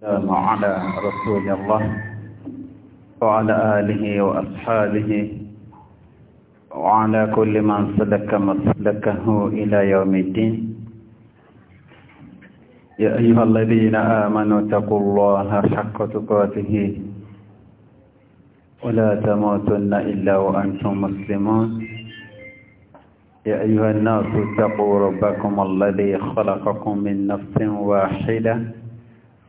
السلام على رسول الله وعلى آله وأصحابه وعلى كل من سلك مسلكه إلى يوم الدين يا أيها الذين آمنوا اتقوا الله حق تقاته ولا تموتن إلا وأنتم مسلمون يا أيها الناس اتقوا ربكم الذي خلقكم من نفس واحدة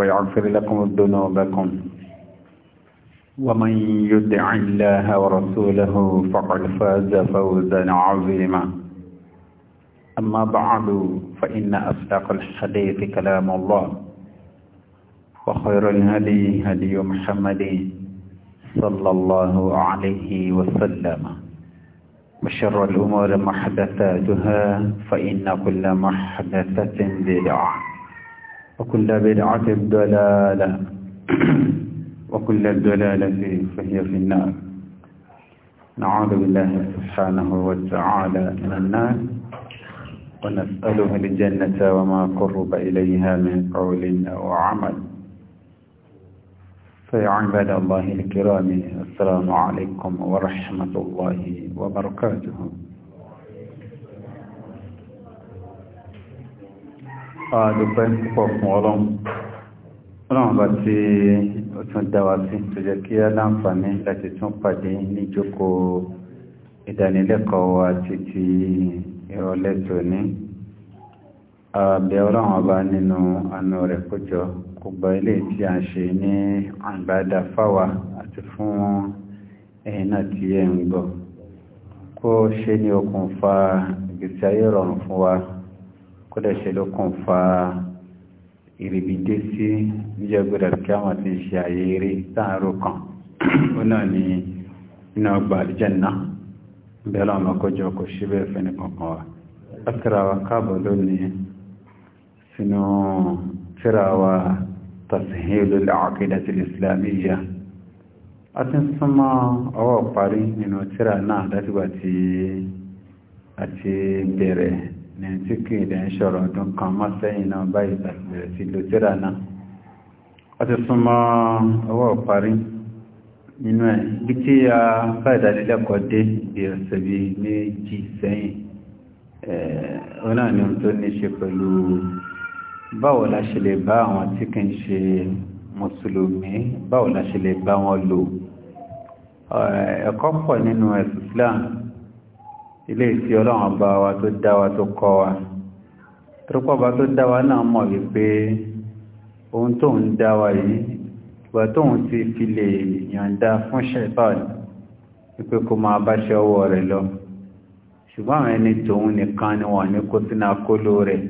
ويغفر لكم ذنوبكم ومن يدع الله ورسوله فقد فاز فوزا عظيما أما بعد فإن أصدق الحديث كلام الله وخير الهدي هدي محمد صلى الله عليه وسلم وشر الأمور محدثاتها فإن كل محدثة بدعة وكل بدعة ضلالة وكل الضلالة فهي في النار نعوذ بالله سبحانه وتعالى من النار ونسأله الجنة وما قرب إليها من قول أو عمل فيا عباد الله الكرام السلام عليكم ورحمة الله وبركاته àdúpẹ́ púpọ̀ fún ọlọ́run ọlọ́run bá ti ó tún dá wa sí tó jẹ́ kí á láǹfààní láti tún pàdé níjókòó ìdánilẹ́kọ̀ọ́ wa ti ìrọ̀lẹ́ tòní àbẹ̀ ọlọ́run ọba nínú àánú rẹ̀ kójọ kò ilé tí a ń ṣe ní àgbàdà fáwa àti fún ẹ̀yin náà tí ẹ̀ ń gbọ́ kó ṣe ní okùnfà ìgbésí ayé rọrùn fún wa kódà ṣe ló kún fa ìrìbìdé sí níjẹ́ gbọ́dọ̀ kí àwọn ti ṣe àyè eré sáàrò kan ó náà ní iná ọgbà àlùjánnà bẹ́ẹ̀ láwọn ọkọ̀jọ́ kò ṣe bẹ́ẹ̀ fẹ́ni kankan wa látara wa káàbọ̀ lónìí sínú tíra wa tasihilul aqidatil islamiyya a ti ń súnmọ́ ọwọ́ parí nínú tíra náà látìgbà tí a ti bẹ̀rẹ̀ ní tí kí ilẹ̀ ń ṣọ̀rọ̀ ọdún kan mọ́ sẹ́yìn náà báyìí bẹ̀rẹ̀ sí ló tíra náà ó ti súnmọ́ ọwọ́ parí nínú ẹ̀ bí tí a bá ìdánilẹ́kọ̀ọ́ bí ọ̀sẹ̀ bí méjì sẹ́yìn ọ eh, ni ohun tó ní ṣe pẹ̀lú la ṣe lè bá àwọn tí kì í ṣe mùsùlùmí báwo la ṣe lè bá wọn lò eh, ẹ̀kọ́ pọ̀ nínú ẹ̀sùn Islam ilé ìsí ọlọ́run ọba wa tó dá wa tó kọ́ wa torípọ̀ ọba tó dá wa náà mọ̀ wípé ohun tó ń dá wa yìí ìgbà tó ń ti fi lè yànda fún ṣẹ̀báàlì wípé kó máa báṣẹ ọwọ́ rẹ̀ lọ ṣùgbọ́n àwọn ẹni tòun nìkan ni wọ́n ní kó sínú akóló rẹ̀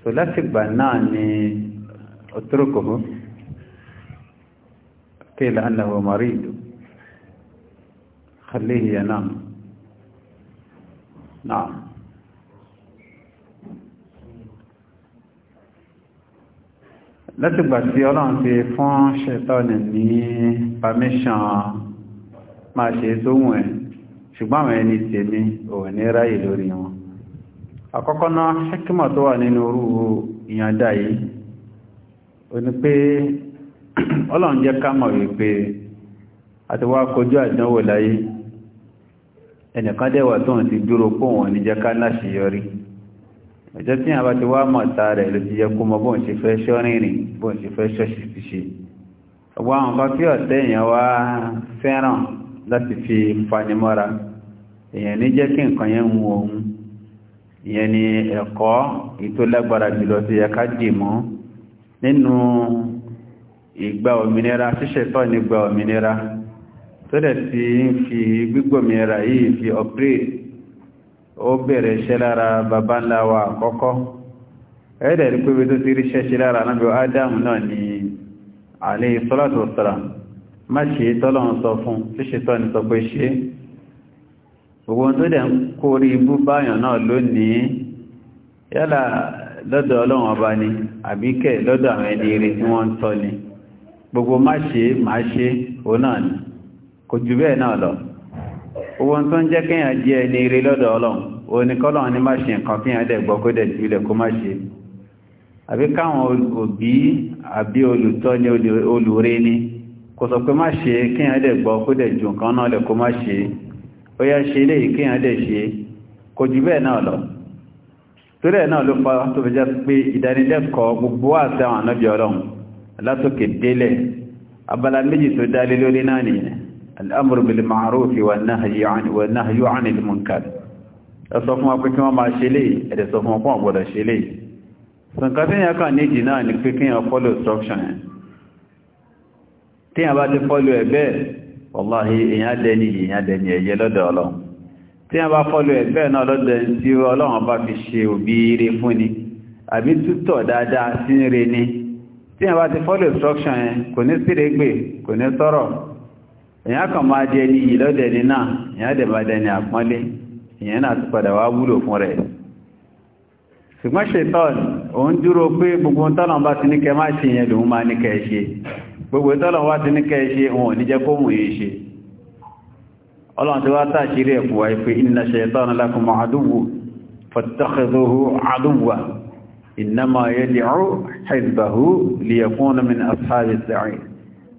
tó látìgbà náà ni ọtúrùkùnmù kéèlà annahu maridu khalihi yanam náà látìgbà tí ọlọ́run ti fún ṣẹ̀tọ́nì ní pàmíṣàn máa ṣe tó wùn ẹ̀ ṣùgbọ́n àwọn ẹni tèmi ò ní ráyè lórí wọn àkọ́kọ́ náà ṣẹ́kímọ̀ tó wà nínú orú ìyàndà yìí o ní pé ọlọ́run jẹ́ ká mọ̀ wípé àti wá kojú àdánwò láyé ẹnìkan dẹ̀wà tó ń ti dúró pọ̀ wọn ní jẹ́ ká láṣe yọrí ẹjọ́ tí àwọn ti wá mọ̀ ta rẹ̀ ló ti yẹ kó mọ bóun ṣe fẹ́ ṣọ́ rìnrìn bóun ṣe fẹ́ ṣọ́ ṣe ṣe ọgbọ́n àwọn kan kí ọ̀tẹ́ èèyàn wá fẹ́ràn láti fi fanimọ́ra èèyàn ní jẹ́ kí nǹkan yẹn mú òun ìyẹn ni ẹ̀kọ́ ètò jùlọ ti yẹ ká dì mọ́ nínú ìgbà òmìnira ṣíṣẹ̀tọ́ nígbà òmìnira tọ́lẹ̀ tí ń fi gbígbòmìnira yìí fi upgrade ó bẹ̀rẹ̀ iṣẹ́ lára bàbá ńlá wa àkọ́kọ́ ẹ̀ẹ́dẹ̀ rí pẹ́bẹ́ tó ti rí ṣẹ́ṣẹ́ lára náàbí ádámù náà ni àlẹ́ ìsọ́látò sọ́ra má ṣe tọ́lọ́run sọ fún ni sọ pé ṣe gbogbo tó dẹ̀ ń kó rí ibú báyàn náà lónìí lọ́dọ̀ ọlọ́run ọba ni àbíkẹ́ lọ́dọ̀ àwọn ẹni ire tí wọ́n ń tọ́ ni gbogbo má ṣe má ṣe òun náà ni kò bẹ́ẹ̀ náà lọ owó tó ń jẹ́ kéèyàn jẹ́ ẹni ire lọ́dọ̀ ọlọ́run oníkọ́lọ́run ní má ṣe nǹkan kéèyàn dẹ̀ gbọ́ kó dẹ̀ jùlẹ̀ kó má ṣe àbí káwọn òbí àbí olùtọ́ ni kò sọ pé má ṣe kéèyàn dẹ̀ gbọ́ kó dẹ̀ nǹkan náà lẹ̀ kó má ṣe ó yá ṣe kéèyàn dẹ̀ ṣe kò jù bẹ́ẹ̀ náà lọ torí ẹ̀ náà ló fa tó fi jẹ́ pé ìdánilẹ́kọ̀ọ́ gbogbo wà sí àwọn الأمر بالمعروف والنهي عن والنهي عن المنكر ẹsọ fún wa pé kí wọ́n máa ṣe léyìí ẹ̀dẹ̀ sọ fún wọn pọ́n gbọ́dọ̀ ṣe léyìí ṣùnkà tí yàn kàn ní ìdínà ní pé kí yàn follow instruction ẹ̀ tí yàn bá ti follow ẹ̀ bẹ́ẹ̀ wọ́láhí èyàn dẹni èyàn dẹni ẹ̀yẹ lọ́dọ̀ ọlọ́run follow ẹ̀ bẹ́ẹ̀ náà lọ́dọ̀ tí ọlọ́run bá fi ṣe òbí ire fún ni àbí tútọ̀ dáadáa sí ire ni tí yàn bá ti follow instruction ẹ̀ kò ní sí èyàn kan máa di ẹni yìí lọ́dẹ̀ ní náà èyàn dẹ̀ máa dẹni àpọ́nlé èyàn náà tó padà wá wúlò fún rẹ̀ ṣùgbọ́n ṣetán òun dúró pé gbogbo tọ́lọ̀ bá ti ní kẹ máa ṣe yẹn lòun máa ní kẹ ṣe gbogbo tọ́lọ̀ wá ti ní kẹ ṣe òun ní jẹ́ kóhùn yìí ṣe ọlọ́run ti wá tàṣírí ẹ̀kù wáyé pé inna ṣetán lakum àdúgbò fattakhidhuhu àdúgbà innama yad'u hizbahu liyakuna min ashabi as-sa'ir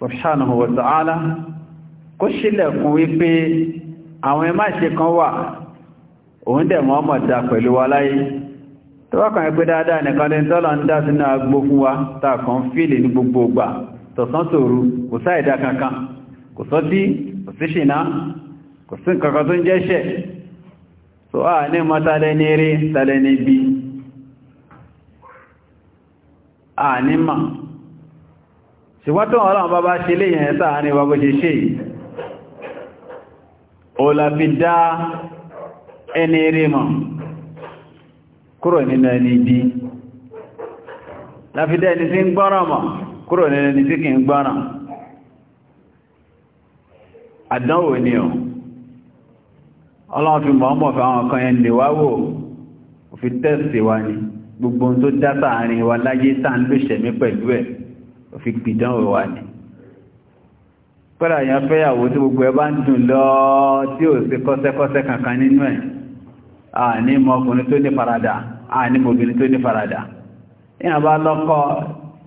subhanahu wa ta'ala kó ṣílẹ̀kùn wípé àwọn ẹmá ṣe kan wà òun dẹ̀ mọ́ mọ̀ dá pẹ̀lú wa láyé tó wákan ẹgbẹ́ dáadáa nìkan lè tọ́lọ ń dá sínú agbó fún wa tàkan fílì ní gbogbo ògbà tọ̀sán tòru kò sáìdá kankan kò sọ́tí kò sí ṣìná kò sí kankan tó ń jẹ́ṣẹ̀ so a ní mọ́ tálẹ́ ní eré tálẹ́ ní bí a ní mọ́ ṣùgbọ́n tó ọlọ́run bá bá ṣe léyìn ẹ̀ta ní wa bó ṣe ṣe òlàfi dá ẹni rí mọ̀ kúrò nínú ẹni bí láfidá ẹni tí ń gbọ́ràn mọ̀ kúrò nínú ẹni tí kì ń àdánwò ni ọ̀ ọlọ́run fi mọ̀ọ́mọ̀ fẹ́ àwọn kan ẹni lè wáwò òfin tẹ́sì wa ni gbogbo ohun tó dá sáàrin wa láyé sáà ń lóṣẹ̀mí pẹ̀lú ẹ̀ fi pìdán òwò wà ní pẹ́lá èèyàn fẹ́yàwó tí gbogbo ẹ bá ń dùn lọ tí ò sí kọ́sẹ́kọ́sẹ́ kankan nínú ẹ̀ àní mọ́kùnrin tó ní farada àní mọ́bìnrin tó ní farada èèyàn bá lọ́kọ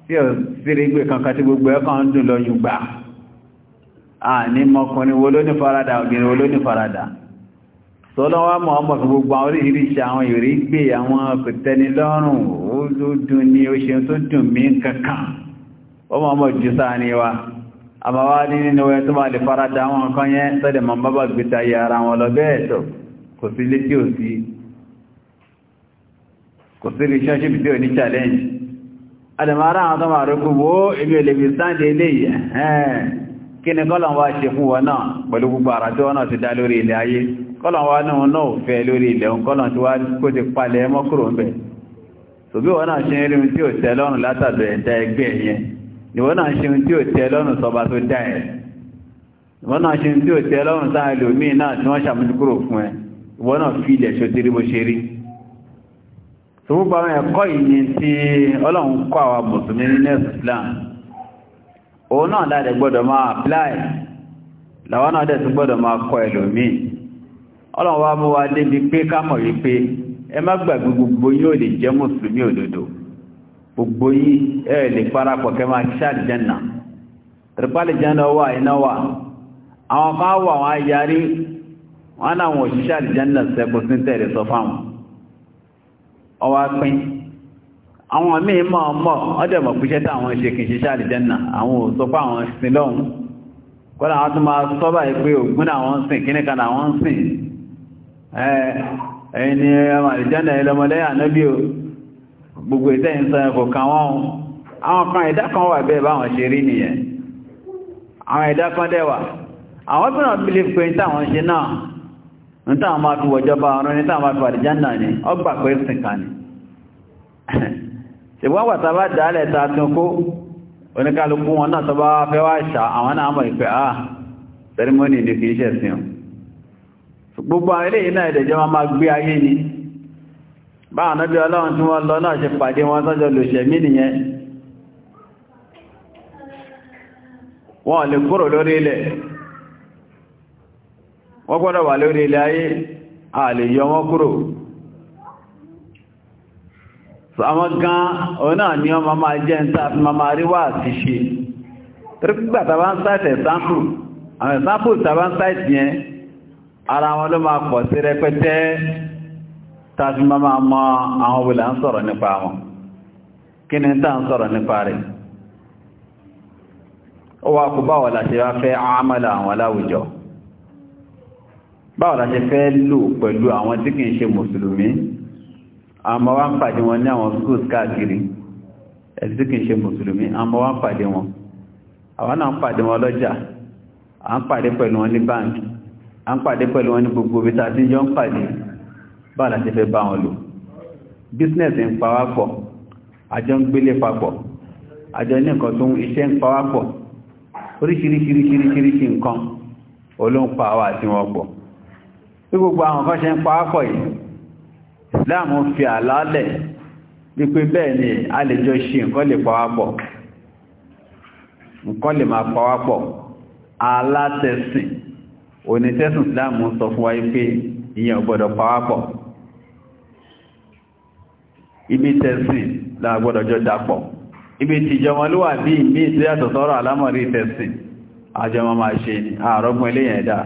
tí ò sírí gbé kankan tí gbogbo ẹ kàn ń dùn lọ yùgbà àní mọ́kùnrin wo ló ní farada obìnrin wo ló ní farada sọ́lọ́wọ́ mọ̀ ọmọ fún gbogbo àwọn oríṣìíríṣìí àwọn ìrí gbé àwọn kòtẹ́nilọ́rùn ó dún ní oṣù tó dùn mí kankan ọmọ ọmọ jùsà ní wa àmàwà ní nínú ẹ tó bá lè farada àwọn nǹkan yẹn tẹ́lẹ̀ mọ̀ bá bá gbẹta yẹ ara wọn lọ bẹ́ẹ̀ tó kò sí lé tí ò sí kò sí relationship tí ò ní challenge adàmàrà àwọn tó máa rẹ̀kú wo èmi ò lè fi sáàdé ilé yìí kí ni kọ́lọ̀n wá ṣe fún wọn náà pẹ̀lú gbogbo àrà tí wọ́n náà ti dá lórí ilẹ̀ ayé kọ́lọ̀n wá náà náà fẹ́ lórí ilẹ̀ kọ́lọ̀n tí wọ́n kó ti palẹ̀ ẹmọ́kúrò ń bẹ̀ tòbí wọ́n náà ṣe ń rí tí ò tẹ́lọ́rùn látàdọ̀ ẹ̀dá ẹgbẹ́ yẹn ìwọ náà ṣe ohun tí ò tẹ́ lọ́rùn sọba tó dá ẹ̀ ìwọ náà ṣe ohun tí ò tẹ́ lọ́rùn sáà ẹlòmíì náà tí wọ́n ṣàmójúkúrò fún ẹ ìwọ náà fi ilẹ̀ ṣo tẹ́rí bó ṣe rí ṣùgbọ́n ẹ̀kọ́ yìí ni tí ọlọ́run kọ́ àwa mùsùlùmí ní nẹ́ẹ̀sì Islam òun náà láti gbọ́dọ̀ máa apply làwọn náà dẹ̀ tún gbọ́dọ̀ máa kọ́ ẹlòmíì ọlọ́run wá mú wa débi pé ká mọ̀ wípé ẹ má gbàgbé gbogbo yóò lè jẹ́ mùsùlùmí òdodo gbogbo yìí ẹ lè parapọ̀ kẹ máa ṣe àlìjẹ́nà tìrìpálì jẹ́nà wà iná wà àwọn kan wà wọ́n yarí wọ́n náà wọ́n ṣiṣẹ́ àlìjẹ́nà sẹ́kù sí tẹ̀lé sọ fáwọn ọwọ́ pín àwọn míì máa mọ̀ ọdẹ̀ píṣẹ́ táwọn ṣe kì í ṣiṣẹ́ àwọn sin lọ́hùn kọ́lá àwọn tó máa sọ báyìí pé sìn ẹlọmọlẹ́yà náà bí o gbogbo ìtẹ́yìn sọ ẹ̀kọ̀ kan wọ́n àwọn kan ẹ̀dá kan wà bẹ́ẹ̀ báwọn ṣe rí nìyẹn àwọn ẹ̀dá kan dẹ́wà àwọn tí wọ́n bílé pé táwọn ṣe náà ní táwọn máa fi wọ̀jọba ọ̀run ní táwọn máa fi àdìjánà ní ọgbà pé sìn kan ni ṣùgbọ́n wàtà bá dálẹ̀ ta tún kó oníkálukú wọn náà tó bá fẹ́ wá ṣà àwọn náà mọ̀ ìpẹ́ ah sẹ́rímọ́nì ni kì í ṣẹ̀sìn gbogbo àwọn eléyìí náà ẹ̀dẹ̀jọ́ máa gbé ayé ni bá ànábí ọlọ́run tí wọ́n lọ náà ṣe pàdé wọn sọ́jọ́ lòṣẹ̀mí nìyẹn wọ́n lè kúrò lórí ilẹ̀ wọ́n gbọ́dọ̀ wà lórí ilẹ̀ ayé a lè yọ wọ́n kúrò àwọn gan ọ̀nà ni ọmọ máa jẹ́ ń sáà fi máa rí wà sí ṣe trípígbà tàbá ń sáìtẹ̀ tàbí máa mọ́ àwọn wùlà ń sọ̀rọ̀ nípa wọn kí ni tàà ń sọ̀rọ̀ nípa rẹ̀ ó wá kú báwọ̀ láti wá fẹ́ àmàlà àwọn láwùjọ báwọ̀ láti fẹ́ lò pẹ̀lú àwọn tí kìí ṣe mùsùlùmí àmọ́ wá ń pàdé wọn ní àwọn schools káàkiri ẹ̀sì tí kìí ṣe mùsùlùmí bá láti fẹ́ bá wọn lò business ń pawápọ̀ àjọ ń gbélé papọ̀ àjọ ní nǹkan tó ń iṣẹ́ ń pawápọ̀ oríṣiríṣiríṣiríṣi nǹkan olóńpa àwọn àti wọn pọ̀ bí gbogbo àwọn kan ṣe ń pawápọ̀ yìí Islam fi àlálẹ̀ wípé bẹ́ẹ̀ ni a lè jọ ṣe nǹkan lè pawápọ̀ nǹkan lè máa pawápọ̀ alátẹ̀sìn onítẹ̀sìn Islam sọ fún wa pé ìyẹn ò gbọ́dọ̀ pawápọ̀ ibi tẹ̀sìn láàgbọ́dọ̀jọ́ dapọ̀ ibi tìjọ wọn ló wà bí ìmí ìtẹ́ àtọ̀tọ́rọ̀ alámọ̀rí tẹ̀sìn àjọmọ máa ṣe ni àrọ́gbọ́n eléyìn ẹ̀dá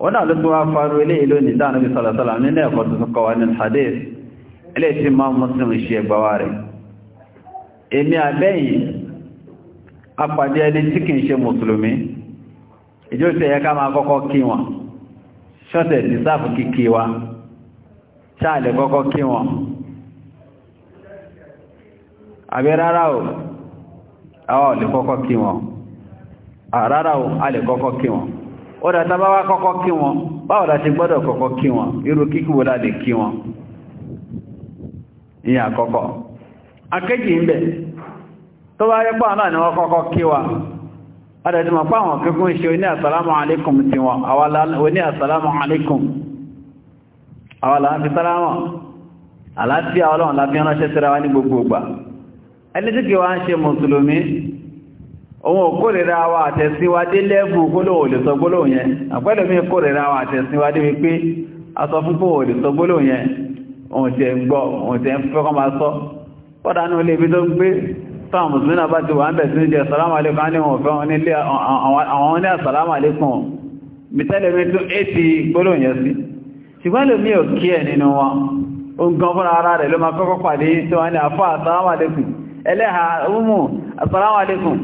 wọ́n náà ló tún wá faru eléyìn lónìí dáa níbi sọ̀lọ̀sọ̀lá nínú ẹ̀kọ́ tuntun kọwa ní hadith eléyìí tí máa muslim ṣe ẹgbàwà rẹ̀ èmi àbẹ́yìn apàdé ẹni tí kìí ṣe mùsùlùmí ìjọ́ ìṣẹ̀yẹ ká máa kọ́kọ́ kí wọn ṣáà kọ́kọ́ kí wọn àbí rárá o àwọn ò kọ́kọ́ kí wọn rárá o a kọ́kọ́ kí wọn ó dá bá wá kọ́kọ́ kí wọn ti gbọ́dọ̀ kọ́kọ́ kí wọn irú kíkí wo kí wọn ìyẹn àkọ́kọ́ akéjì ń bẹ tó bá rí náà ni wọ́n kọ́kọ́ àwọn làwọn fi sára wọn àlàáfíà ọlọ́run láti ránṣẹ́ síra wá ní gbogbo ìgbà ẹni tí kí wá ń ṣe mùsùlùmí òun ò kórìíra wa àtẹ̀síwádé lẹ́bù gbólóhùn lè sọ gbólóhùn yẹn àpẹ́lòmí kórìíra wa àtẹ̀síwádé wípé aṣọ fúnpọ̀ ò lè sọ gbólóhùn yẹn òun tẹ̀ ń gbọ́ òun tẹ̀ ń fẹ́kọ́ máa sọ pọ́dánú ilé ibi tó ń gbé táwọn mùsùlùmí náà bá ti wà ń bẹ̀ sí ní jẹ́ sàlámù alékùn á ní wọn fẹ́ wọn nílé àwọn ní àsàlámù alékùn mi tẹ́lẹ̀ mi tún éèti gbólóhùn sí ṣùgbọ́n lómi ò kí ẹ̀ nínú wọn o gan fún ara rẹ̀ ló ma kọ́kọ́ pàdé tó wọ́n ni àfọ́ àtàwàlékùn ẹlẹ́ha ọmọ àtàwàlékùn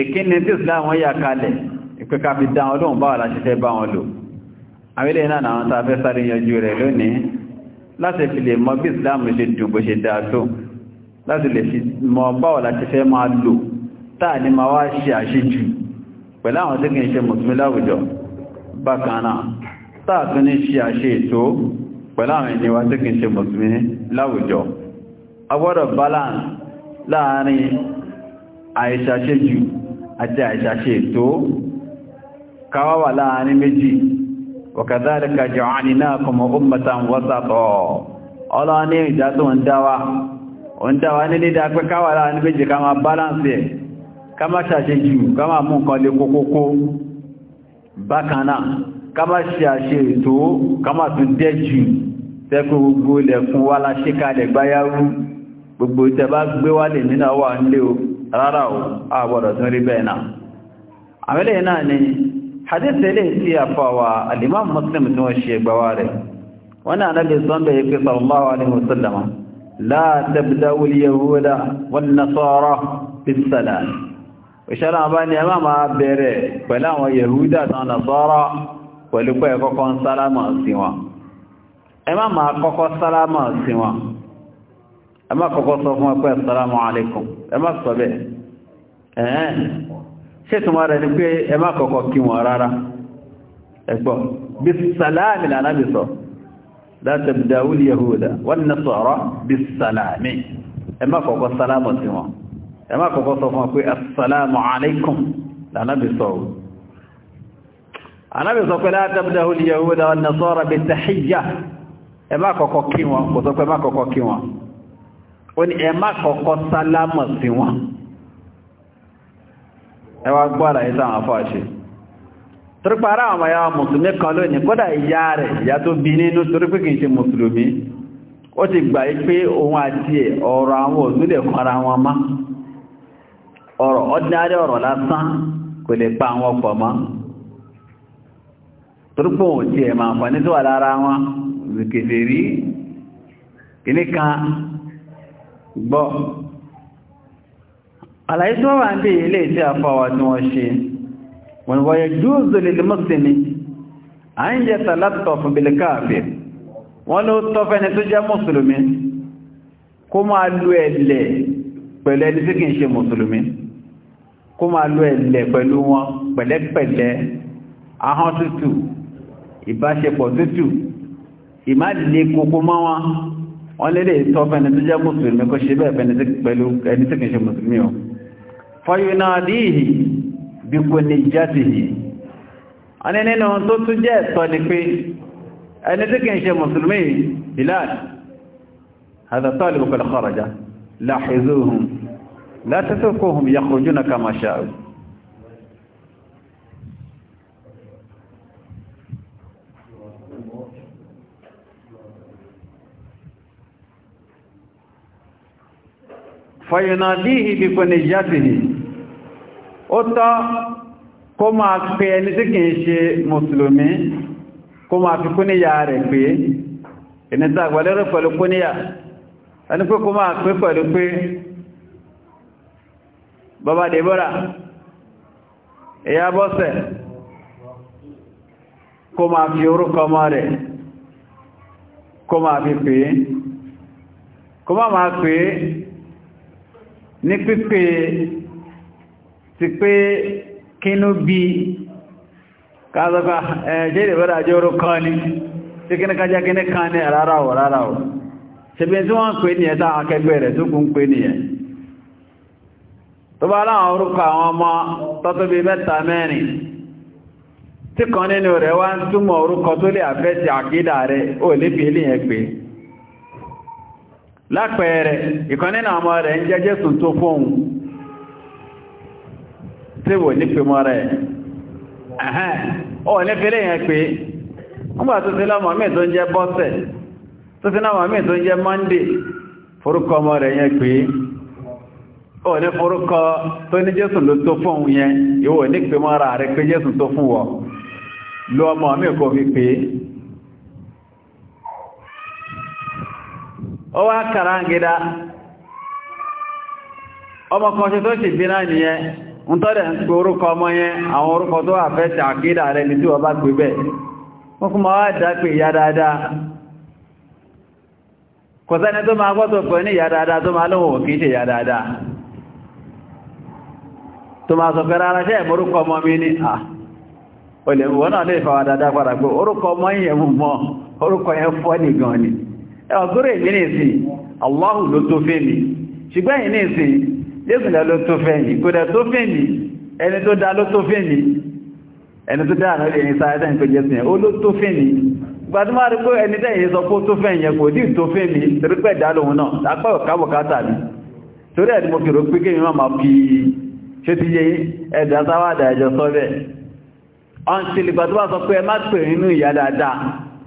ìkíni tí islam wọ́n yà kalẹ̀ ìpẹ́ka fi dá wọn lóhun báwà láti fẹ́ bá wọn lò àwílẹ̀ náà àwọn tàbẹ́ sáré yanjú rẹ̀ lónìí láti fi lè mọ bí islam ṣe dùn bó ṣe dáa tààtún ní ṣe àṣẹ ètò pẹ̀lú àwọn ènìyàn tó kìí ṣe mùsùlùmí láwùjọ agbọ́dọ̀ balance láàrin àìṣàṣe jù àti àìṣàṣe ètò káwàwà láàrin méjì wakadhalika ja'alnakum ummatan wasata ọlọ́wọ́ ní ìjà tó ń dáwà ń dáwà ní dídá pé káwà láàrin méjì balance ẹ̀ ká má ṣàṣe jù ká máa ká má ṣe àṣe ètò ká má tún dẹ́jù tẹ́kùn gbogbo lẹ̀kùn wá láṣíkalẹ̀ gbáyárú gbogbo tẹ́ bá gbé wálè nínú wà ń lé o rárá o àgbọ̀dọ̀ tún rí bẹ́ẹ̀ náà àmìlẹ̀ náà ni hadith ilé tí a fà wà al-Imam máa bẹ̀rẹ̀ pẹ̀lú àwọn yahuda àtàwọn nasara pẹ̀lú pé ẹ̀kọ́kọ́ ń sálámà sí wọn ẹ má máa kọ́kọ́ sálámà sí wọn ẹ má kọ́kọ́ sọ fún ẹ̀kọ́ sálámà alaykum ẹ má sọ bẹ́ẹ̀ ẹ̀ẹ́n ṣé tí wọ́n rẹ̀ ni pé ẹ má kọ́kọ́ kí wọn rárá ẹ̀gbọ́ ẹ má kọ́kọ́ sọ fún ẹ̀kọ́ assalamu alaykum lànà bí sọ̀rọ̀ anábì sọ pé látàbídáhù lè yẹ̀wó da wọn nasọ́ra bí tàhíyà ẹ má kọ́kọ́ kí wọn kò sọ pé má kọ́kọ́ kí wọn ó ní ẹ má kọ́kọ́ sálámọ̀ sí wọn ẹ wá gbọ́ra ẹ sáwọn afọ́ àṣẹ torípa ara àwọn ya mùsùlùmí kan lónìí kódà ìyá rẹ̀ ìyá tó bí ti gbà yí pé òun àti ẹ̀ ọ̀rọ̀ àwọn òsúlẹ̀ kọ́ra wọn má ordinary ọ̀rọ̀ lásán kò lè pa àwọn pọ̀ mọ́ torípò tí ẹ̀ máa fà ní tó wà lára wọn kèfè rí kìní kan gbọ́ àlàyé tó wà ń bí ilé tí a fà wà tí wọ́n ṣe wọ́n wáyé júùzù lè mọ́sílì à ń yẹ tàlátọ̀ fún bí káàfẹ́ wọ́n ló tọ́fẹ́ni tó jẹ́ mùsùlùmí kó máa lo ẹ̀lẹ̀ pẹ̀lú ẹni tí kìí ṣe mùsùlùmí kó máa lo ẹ̀lẹ̀ pẹ̀lú wọn pẹ̀lẹ́pẹ̀lẹ́ ahọ́n tútù ìbáṣepọ̀ tútù ìmáàlè kókó mọ́ wọn wọ́n lélẹ̀ ìtọ́ fẹ́ni tó jẹ́ mùsùlùmí kó ṣe bẹ́ẹ̀ fẹ́ni pẹ̀lú ẹni tí kìí ṣe mùsùlùmí o fọ́yúnáàdìhì bí kò ní játìhì wọ́n ní nínú tó tún jẹ́ ẹ̀tọ́ ni pé ẹni tí kìí ṣe هذا طالب قد لاحظوهم لا تتركوهم يخرجون كما fọ̀yìnàdíhì bí kò ní játìhì ó tọ́ kó máa pè ẹni tí kìí ṣe mùsùlùmí kó máa fi kúníyà rẹ̀ pé ẹni tí àgbàlẹ́rẹ̀ pẹ̀lú kúníyà ẹni pé kó máa pè pẹ̀lú pé bàbá dèbọ́ra ìyá bọ́sẹ̀ kó máa fi orúkọ ọmọ rẹ̀ kó máa fi pè kó máa máa pè ní pípé ti pé kínú bí káàzọ́gbà ẹ̀jẹ́ ìrẹ̀bẹ̀rẹ̀ àjọ́rò kan ní tí kí ní kájá kí ní kan ní rárá ò rárá ò ṣebí tí wọ́n ń pè ní ẹ̀ta akẹgbẹ́ rẹ̀ tó kún pè ní ẹ̀ tó bá láwọn orúkọ àwọn ọmọ tọ́tóbi mẹ́ta mẹ́rin tí lápẹẹrẹ ìkan nínú ọmọ rẹ̀ ń jẹ́ jésù tó fóun tí wò ní pé mọ́ rẹ̀ ẹ̀hẹ́n ó ní yẹn pé ọgbà tó ti lọ́mọ mí tó ń jẹ́ bọ́sẹ̀ tó ti lọ́mọ mí tó ń jẹ́ monday forúkọ rẹ̀ yẹn pé ó ní tó ní jésù ló tó yẹn ìwò ní pé mọ́ rẹ̀ pé jésù tó fún wọ mí kò fi pé ó wá kàrá ọmọ kan ṣe tó ṣì bí náà nìyẹn ń tọ́dẹ̀ ń pè orúkọ ọmọ yẹn àwọn orúkọ tó wà fẹ́ ṣe rẹ̀ ní tí wọ́n bá gbé bẹ́ẹ̀ wọ́n kún wá pé ìyá dáadáa kò sẹ́ni tó máa gbọ́tò pẹ̀ ní ìyá dáadáa tó máa lóhùn ṣe E èyí ní ìsìn Allahu ló tó fẹ́ mi ṣùgbọ́n èyí ní ìsìn lẹ́sùnlẹ̀ ló tó fẹ́ mi kò dẹ̀ tó fẹ́ mi ẹni tó dá ló tó fẹ́ mi ẹni tó dá àrẹ́lẹ̀ ẹni sáyẹ́sẹ́ ìpé jẹ́sìn ó mi gbàdúmà rí mi torí pẹ̀ dá lóhun náà mi torí ẹni mo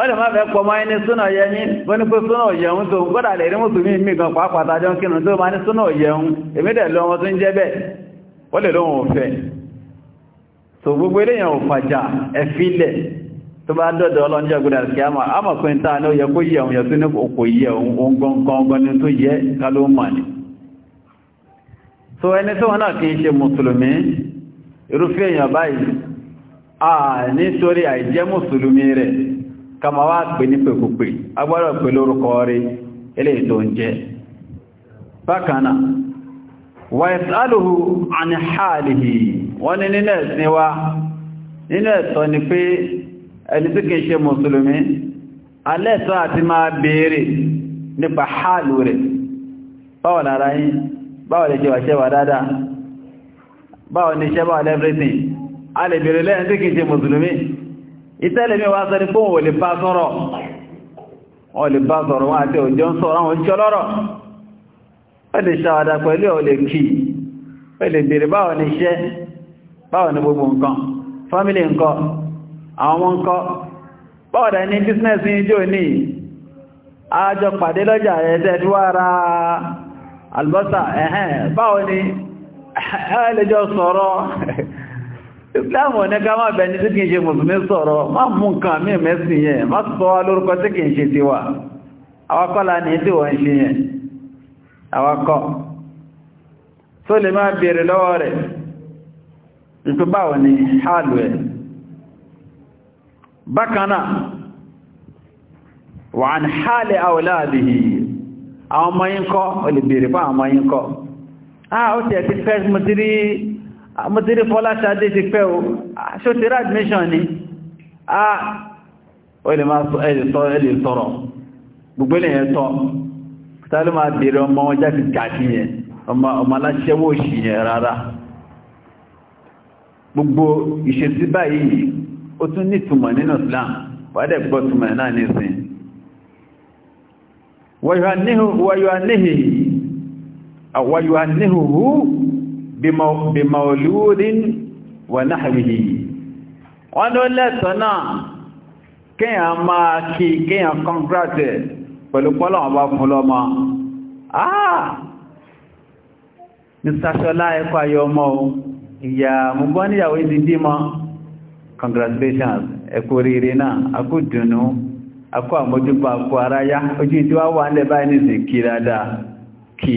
ọ lè máa fẹ́ pọ̀ máa ní súnà yẹni wọ́n ní pé súnà òyẹun tó ń gbọ́dà lè rí mùsùlùmí mi gan pàápàá tàjọ ń kírun tó máa ní súnà òyẹun èmìdẹ̀ lọ wọn tó ń jẹ́ bẹ́ wọ́n lè lóhun òfẹ́ tó gbogbo eléyàn ò ẹ̀fílẹ̀ tó bá dọ́dọ̀ ọlọ́njẹ́ kama wá pè ní pèkúpè agbọ́dọ̀ pè lórúkọ rí ilé ìtò ń jẹ́ bákanáà wà ìsàlùhù àni hàlìhì wọ́n ní nílẹ̀ sí wá nílẹ̀ tọ́ ni pé ẹni tí kìí ṣe mùsùlùmí alẹ́tọ́ àti máa béèrè nípa hàlù rẹ̀ báwo lára yín báwo everything a lè béèrè lẹ́yìn ìtẹ́lẹ̀mí wá sọ ní fún òun ò lè bá sọ̀rọ̀ wọ́n lè bá sọ̀rọ̀ wọ́n àti òjò ń sọ̀rọ̀ àwọn ìṣọ́ lọ́rọ̀ ó lè ṣàwàdà pẹ̀lú ó lè kí ó lè bèèrè báwọn ní iṣẹ́ báwọn ní gbogbo nǹkan fámílì nǹkan àwọn ọmọ nǹkan báwọ̀dà ní bísínẹ̀sì ìjọ ni ẹ lè jọ sọ̀rọ̀ islam ọ̀nà ká máa bẹni tí kìí ṣe mùsùlùmí sọ̀rọ̀ má mú nǹkan mí mẹ́sìn yẹn má sọ wá lórúkọ tí kìí ṣe tiwa awakọ́lá ní tí wọ́n ṣe yẹn awakọ́ tó lè máa bèèrè lọ́wọ́ rẹ̀ ìpé báwọn ni hálù ẹ̀ bákaná wà ní hálẹ̀ àwòláàdìhì àwọn àmútírí fọ́láṣádé ti pẹ́ o ṣó ti rí admission ni a ọlè máa sọ ẹ̀lì sọ ẹ̀lì sọ̀rọ̀ gbogbo ènìyàn tọ́ tàbí máa bèèrè ọmọ wọn jáfi gàtí yẹn ọmọ aláṣẹ́wò òṣì yẹn rárá gbogbo ìṣesí báyìí ó tún nítumọ̀ nínú Islam wádẹ̀ gbọ́ túmọ̀ náà nísìn wọ́yọ̀ aníhùhù bimawlúdín wà náàwìhì wọ́n ló lẹ́tọ̀ náà kíyàn máa kí kíyàn kọ́ngrátẹ̀ pẹ̀lú pọ́lọ̀wọ̀n bá fún lọ́mọ ah mr ṣọlá ẹkọ́ ayọ ọmọ ìyà mọ́gbọ́n níyàwó ìdídí mọ́ congratulations ẹkọ́ rere náà akú dùnú akọ́ àmójúgbà akọ́ aráyá ojú ìdíwá wà ní ìsìn kí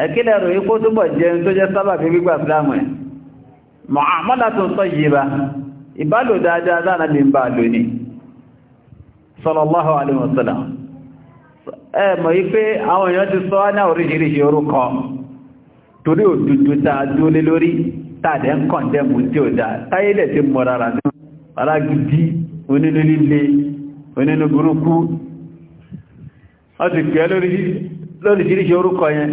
ẹ̀kílẹ̀ rò ikú túbọ̀ jẹun tó jẹ́ sábà fi gbígbà fìdámù ẹ̀ mọ̀àmọ́lá tó sọ yìí bá ìbálò dáadáa dáadáa lè ń bá lò ní sallallahu alaihi ẹ mọ̀ yí àwọn èèyàn ti sọ ní taa orúkọ torí lórí ń kàn tí ó ti mọ̀ rárá ní alágídí onínú líle onínú burúkú ti lóríṣiríṣi orúkọ yẹn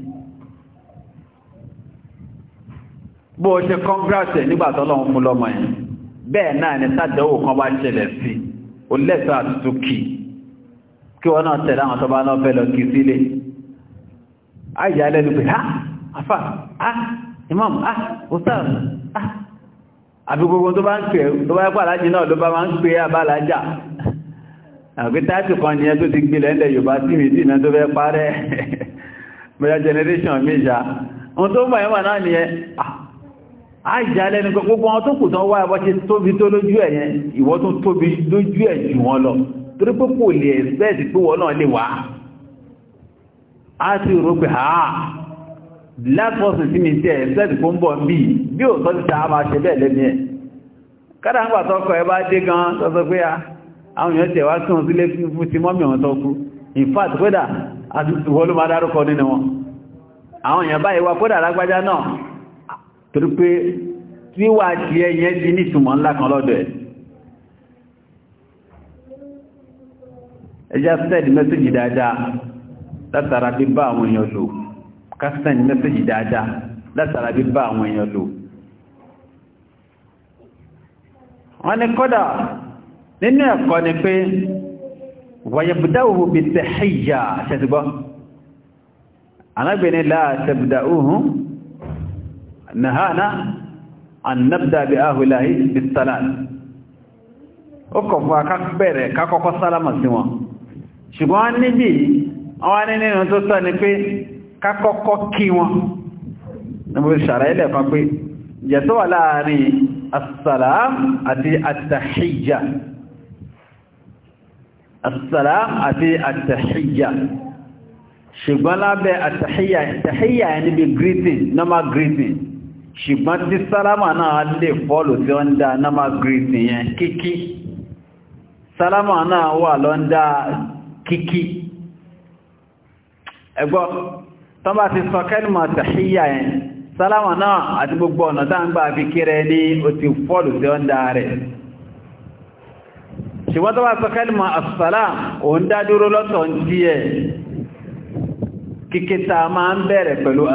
bó ṣe congrats ẹ̀ nígbà tọ́lọ́run fún lọ́mọ ẹ̀ bẹ́ẹ̀ náà ni sádẹ́wò kan bá ṣẹlẹ̀ sí o lẹ́sọ̀ àtútù kì kí wọ́n náà tẹ̀lé àwọn tó bá náà fẹ́ lọ kì sílé àyà lẹ́nu pé ha afa ha imam ha ustaz ha àbí gbogbo tó bá ń pè tó bá pàlá jì náà ló bá máa ń pè abálájà àbí táàtì kan nìyẹn tó ti gbilẹ̀ ńlẹ̀ Yorùbá sí mi dì náà tó fẹ́ parẹ́ mẹ́ra generation mi ṣá ohun tó mọ̀ ẹ̀wọ̀n náà nìyẹn ah àìjà lẹ́nu gbogbo wọn tó kù tán wá ẹwọ́ ṣe tóbi tó lójú ẹ̀ yẹn ìwọ tó tóbi lójú ẹ̀ jù wọn lọ torí pé kò lè ẹ̀sẹ̀ẹ̀sì pé wọ́n náà lè wá á sì rò pé ha lápọ̀sì sí mi tẹ́ ẹ̀sẹ̀ẹ̀sì kó ń bọ̀ bí bí ò sọ́sì tá a máa ṣe bẹ́ẹ̀ lẹ́mí ẹ̀ kádà ń gbà tọkọ ẹ bá dé gan sọsọ pé ah, àwọn èèyàn tẹ̀ wá sí wọn sílé fún ti mọ́mì wọn tọkú in kódà àti ìwọ ló máa dárúkọ nínú wọn àwọn èèyàn báyìí wá kódà lágbájá náà torí pé tí wà tí ẹyẹ ti ní ìtumọ̀ ńlá kan lọ́dọ̀ ẹ̀ ẹjá send message dáadáa látara bí bá àwọn èèyàn lò ká send message dáadáa látara bí bá àwọn èèyàn lò wọ́n ní kọ́dà nínú ẹ̀kọ́ ni pé wàyẹ̀bùdáwò bí tẹ̀híyà ṣẹ́tìgbọ́ anábìnrin láà tẹ̀bùdáwò hùn nahana an nabda bi ahulahi bi salat o ko fa ka bẹ̀rẹ̀ ka kọ́kọ́ salama sí wọn ṣùgbọ́n ni bi àwọn ni nínú tó sọ ní pé ká kọ́kọ́ kí wọn ni mo shara ile kan pé je tó wà láàrin assalam àti at-tahiyya assalam àti at-tahiyya ṣùgbọ́n lábẹ́ at-tahiyya at-tahiyya ni bi greeting normal greeting ṣùgbọ́n tí sálámà náà lè fọ́lù tí ó ń dá normal greece yẹn kíkí sálámà náà wà lọ ń dá kíkí ẹgbọ́ tán bá ti sọ kẹ́lùmọ̀ tàhíyà yẹn sálámà náà àti gbogbo ọ̀nà tá ń gbà fi kéré ní ó ti fọ́lù tí ó ń dá rẹ̀ ṣùgbọ́n tó bá sọ kẹ́lùmọ̀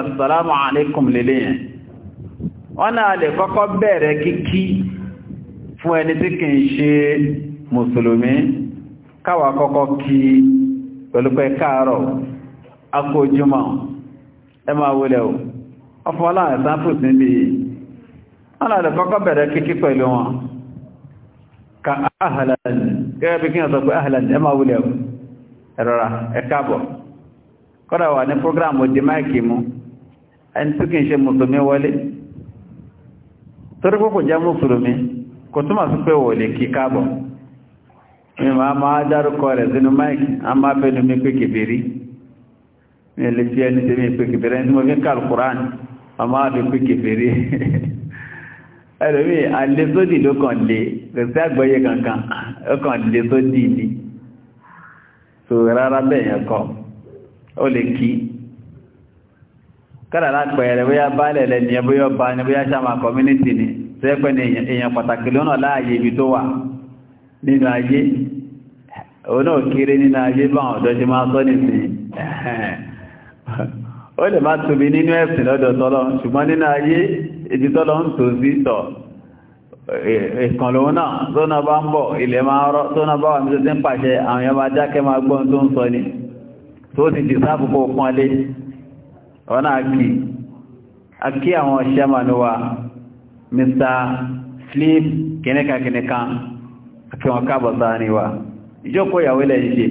assalamu alaikum lélẹ́yìn ọ̀nà alẹ̀ kọ́kọ́ bẹ̀rẹ̀ kíkí fún ẹni tí kì ń ṣe mùsùlùmí káwà kọ́kọ́ kí pẹ̀lúpẹ́ káàrọ̀ akójúmọ̀ ẹ máa wọlẹ̀ o ọfọ́ láàrín sáfù sí bí i ọ̀nà alẹ̀ kọ́kọ́ bẹ̀rẹ̀ kíkí pẹ̀lú wọn ka ahlan gẹ́gẹ́ bí kí n sọ kọ́dà wà ní prógráàmù dìmáìkì mú ẹni tí kì ń ṣe mùsùlùmí wọlé torí pé kò jẹ́ mùsùlùmí kò túmọ̀ sí pé wò lè kí káàbọ̀ mi máa máa dárúkọ rẹ̀ sínú máìkì a máa fẹ́nu mi pé kìbìrí mi lè fi ẹni tí mi pé kìbìrí ẹni tí mo fi ń kàlù kùránì a máa fi pé kìbìrí ẹlòmíì alẹ́ ló kàn lè kò sí kankan ó kàn lè ni so rárá bẹ́ẹ̀ yẹn kọ́ ó lè kí kára lápẹẹrẹ bóyá baálẹ̀ lẹ́ni ẹ bóyá ọba ni bóyá sàmà community ni tó yẹ pé ní èèyàn pàtàkì lọ́nà láàyè ibi tó wà nínú ayé òun náà kéré nínú ayé báwọn ọ̀dọ́ ṣe máa sọ nìsín ó lè má tóbi nínú ẹ̀sìn lọ́dọ̀ tọ́lọ ṣùgbọ́n nínú ayé ibi tọ́lọ ń tò sí tọ̀ ìkàn lòun náà tóná bá ń bọ̀ ilẹ̀ máa rọ́ tóná bá wà mí tó ti ń pàṣẹ àwọn èèyàn máa dákẹ́ máa gbọ́n tó ń sọ ni tó ti dìsáàbù kó pọ́nlé ọ̀nà àkí àkí àwọn ṣẹ́mànú wa mr flip kìnnìkankìnnìkan àkí wọn káàbọ̀ sáàrin wa ìjókòó ìyàwó ilẹ̀ ṣe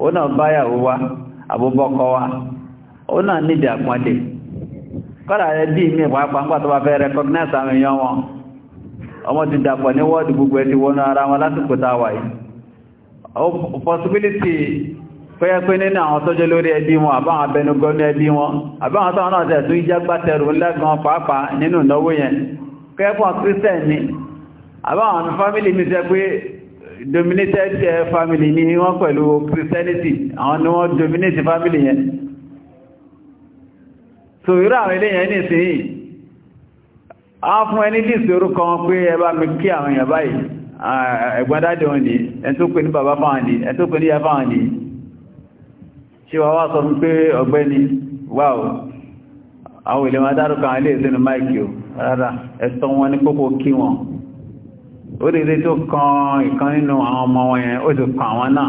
ó náà báyàwó wa àbúbọ́kọ wa ó náà nídì àpọ́ndè kọ́lá rẹ̀ dì mí pàápàá nígbà tó gbogbo ara wọn possibility kọ́yẹ́ pé nínú àwọn tó jẹ́ lórí ẹbí wọn àbáwọn abẹnugọ́ ní ẹbí wọn àbáwọn tó náà tẹ̀ tún jágbátẹrù lẹ́gan pàápàá nínú ìnáwó yẹn kọ́yẹ́ fún kírísẹ̀n ni àbáwọn fámílì mi sẹ́ pé dominated eh, family ni wọ́n pẹ̀lú christianity àwọn ni wọ́n dominate family yẹn so irú àwọn eléyẹn ní ìsinyìí a fún ẹni dìsí orúkọ wọn pé ẹ bá mi kí àwọn èèyàn báyìí ah, ẹ̀gbọ́n dáadé wọn ni ẹ̀ tó pè ní bàbá fáwọn ni ẹ̀ tó pè ní ìyá fáwọn ni ṣe wà wá sọ fún pé ọ̀gbẹ́ni wáò àwọn ilẹ̀ máa dárúkọ àwọn ilé ìsinú máìkì o rárá ẹ̀tọ́ wọn ní kókó kí wọn ó dédé tó kan ìkan nínú àwọn ọmọ wọn yẹn ó ti kan àwọn náà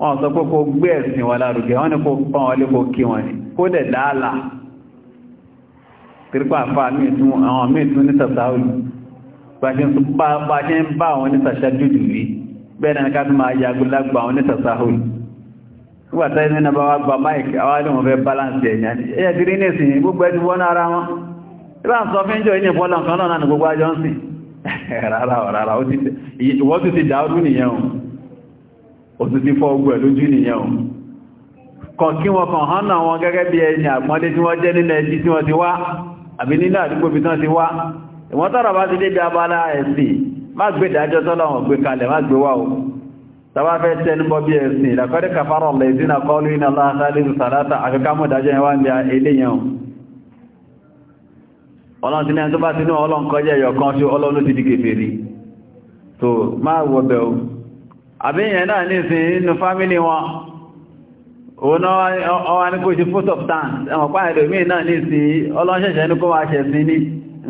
wọ́n sọ pé kó gbé ẹ̀sìn wọn lárugẹ wọ́n ní kó pọ́n wọlé kó kí wọn ni kó dẹ̀ dáàlà kìrìpà àfà àwọn míì ní tàṣà òlù bá ṣe ní tàṣà jùdù rí bẹ́ẹ̀ni ká tó máa yagun lágbà àwọn onítàsáhùn nígbàtá ẹni náà bá wá gba mike àwọn alẹ́ fẹ́ balance ẹ̀yà ní ẹ̀yà tí rí ní ìsìn gbogbo ẹni wọ́n ara wọn ibá ń sọ fí ń jọ inú ìbọ́lọ̀ kan náà ní gbogbo ajọ́ ń sìn rárá rárá ìwọ́n tún ti dáadú nìyẹn o tún ti fọ́ ogun ẹ̀ lójú nìyẹn o kàn kí wọn kàn hàn náà wọn gẹ́gẹ́ bí ẹni àpọ́nlé tí wọ́n má gbé ìdájọ́ tọ́lọ́wọ̀n gbé kalẹ̀ má gbé wá o tàbá fẹ́ tẹnubọ́ bí ẹ̀sìn ìdàkọ́dẹ́ kàfàrọ̀ lẹ́sìnà kọlu iná láàrín sàlátà àfikámọ́ ìdájọ́ yẹn wá ń bí eléyàn ọlọ́run ti ní ẹni tó bá ti ní ọlọ́run kọjá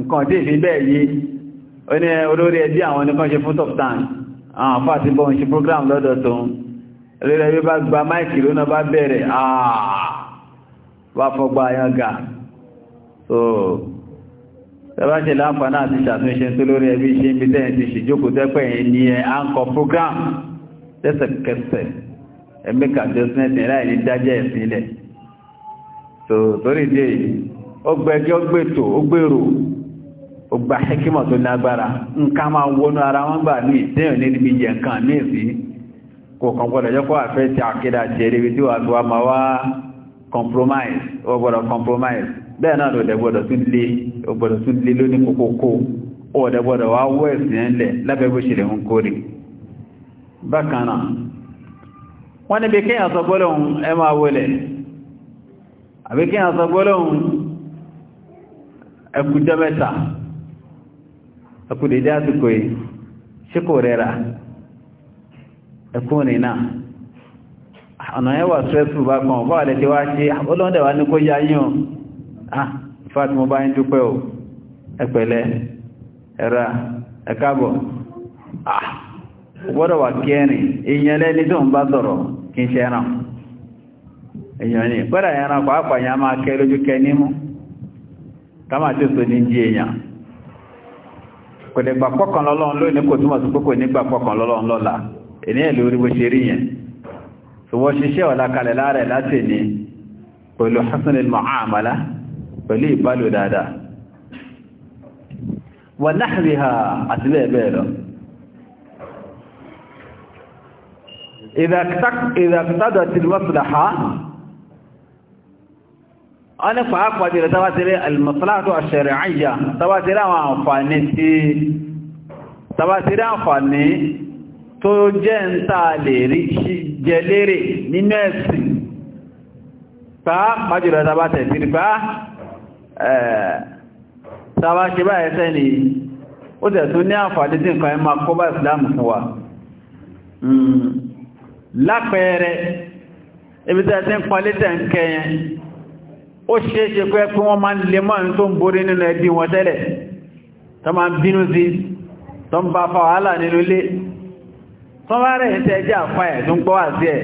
ẹ̀yọ̀ o of ó ní olórí ẹbí àwọn nìkan ṣe fún top town àwọn àfá àti bọ́n ṣe program lọ́dọ̀ tóun olórí ẹbí bá gba máìkì lónà bá bẹ̀rẹ̀ àà fọgbà ayága so tẹ́bá ṣe láǹfààní àti ṣàtúnṣe tó lórí ẹbí ṣe ń bí tẹ́yìn ti ṣìjókòó tẹ́pẹ̀ yìí ní ẹ àǹkọ program lẹ́sẹ̀kẹsẹ̀ ẹ̀mí kàdọ́sínẹ́tì láì ní dájẹ́ ìpínlẹ̀ so torí dé ó gbẹ́gẹ́ ó gbètò ó gbèrò ògbà hekima tó lágbára nka ma wọnú ara wọn gbà ní ìdẹ́yàn ní níbi yẹ nǹkan ní èsì kò kàn gbọ́dọ̀ jẹ́ kó àfẹ́ ti àkídà jẹ́rẹ́ ibi tí wà tó wà máa wá compromise ó gbọ́dọ̀ compromise bẹ́ẹ̀ náà lòdẹ̀ tún lé tún lé kókókó ọ wá wọ́ ẹ̀sìn lábẹ́ bó ṣẹlẹ̀ ń kórè bákan náà wọ́n níbi ẹ máa wọlé àbí ẹkù dédé àsìkò yìí ṣé kò rẹra ẹkù rìn náà ọ̀nà yẹn wà stressful bá kan ọ̀bá àlẹ́ tí wa ṣe ọlọ́dẹ̀ wá ní kó yá yín o ah ìfàtí mo bá ń o ẹ pẹ̀lẹ́ ẹ̀ra ah gbọ́dọ̀ wà kẹrin èèyàn lẹ́ni tó ń bá sọ̀rọ̀ kí n ṣe ẹran èèyàn ni gbọ́dọ̀ ẹran pàápàá yẹn máa kẹ́ lójú ká máa so ní jí kò lè gbà pọ́kàn lọ́lọ́run lónìí kò túmọ̀ sí pé kò ní gbà pọ́kàn lọ́lọ́run lọ́la ènìyàn lórí bó ṣe rí yẹn ṣùgbọ́n ṣiṣẹ́ ọ̀làkalẹ̀ láàrẹ̀ láti ní pẹ̀lú hasanil ma'amala wọ́n ní pàápàá jẹ́ tàbátẹ̀rẹ́ alìmọ̀sálàtò àṣẹ̀rẹ̀ àyà tàbátẹ̀rẹ́ àwọn àǹfààní tí tàbátẹ̀rẹ́ àǹfààní tó jẹ́ ń tàà lè rí jẹ lérè nínú ẹ̀sìn pàápàá jẹ́ tàbátẹ̀rẹ́ bá tàbátẹ̀ eh, bá ẹ̀sẹ́ ni ó tẹ̀ tó ní àǹfààní tí nǹkan ẹmà kọ́ hmm. ń kẹyẹn ó ṣe é ṣe pé kí wọ́n máa ń lè máa ń tó ń borí nínú ẹbí wọn tẹ́lẹ̀ tó máa ń bínú sí tó ń bá fa wàhálà nínú ilé tó wá rẹ̀ ń tẹ́jẹ́ àfá ẹ̀ tó ń gbọ́ wà sí ẹ̀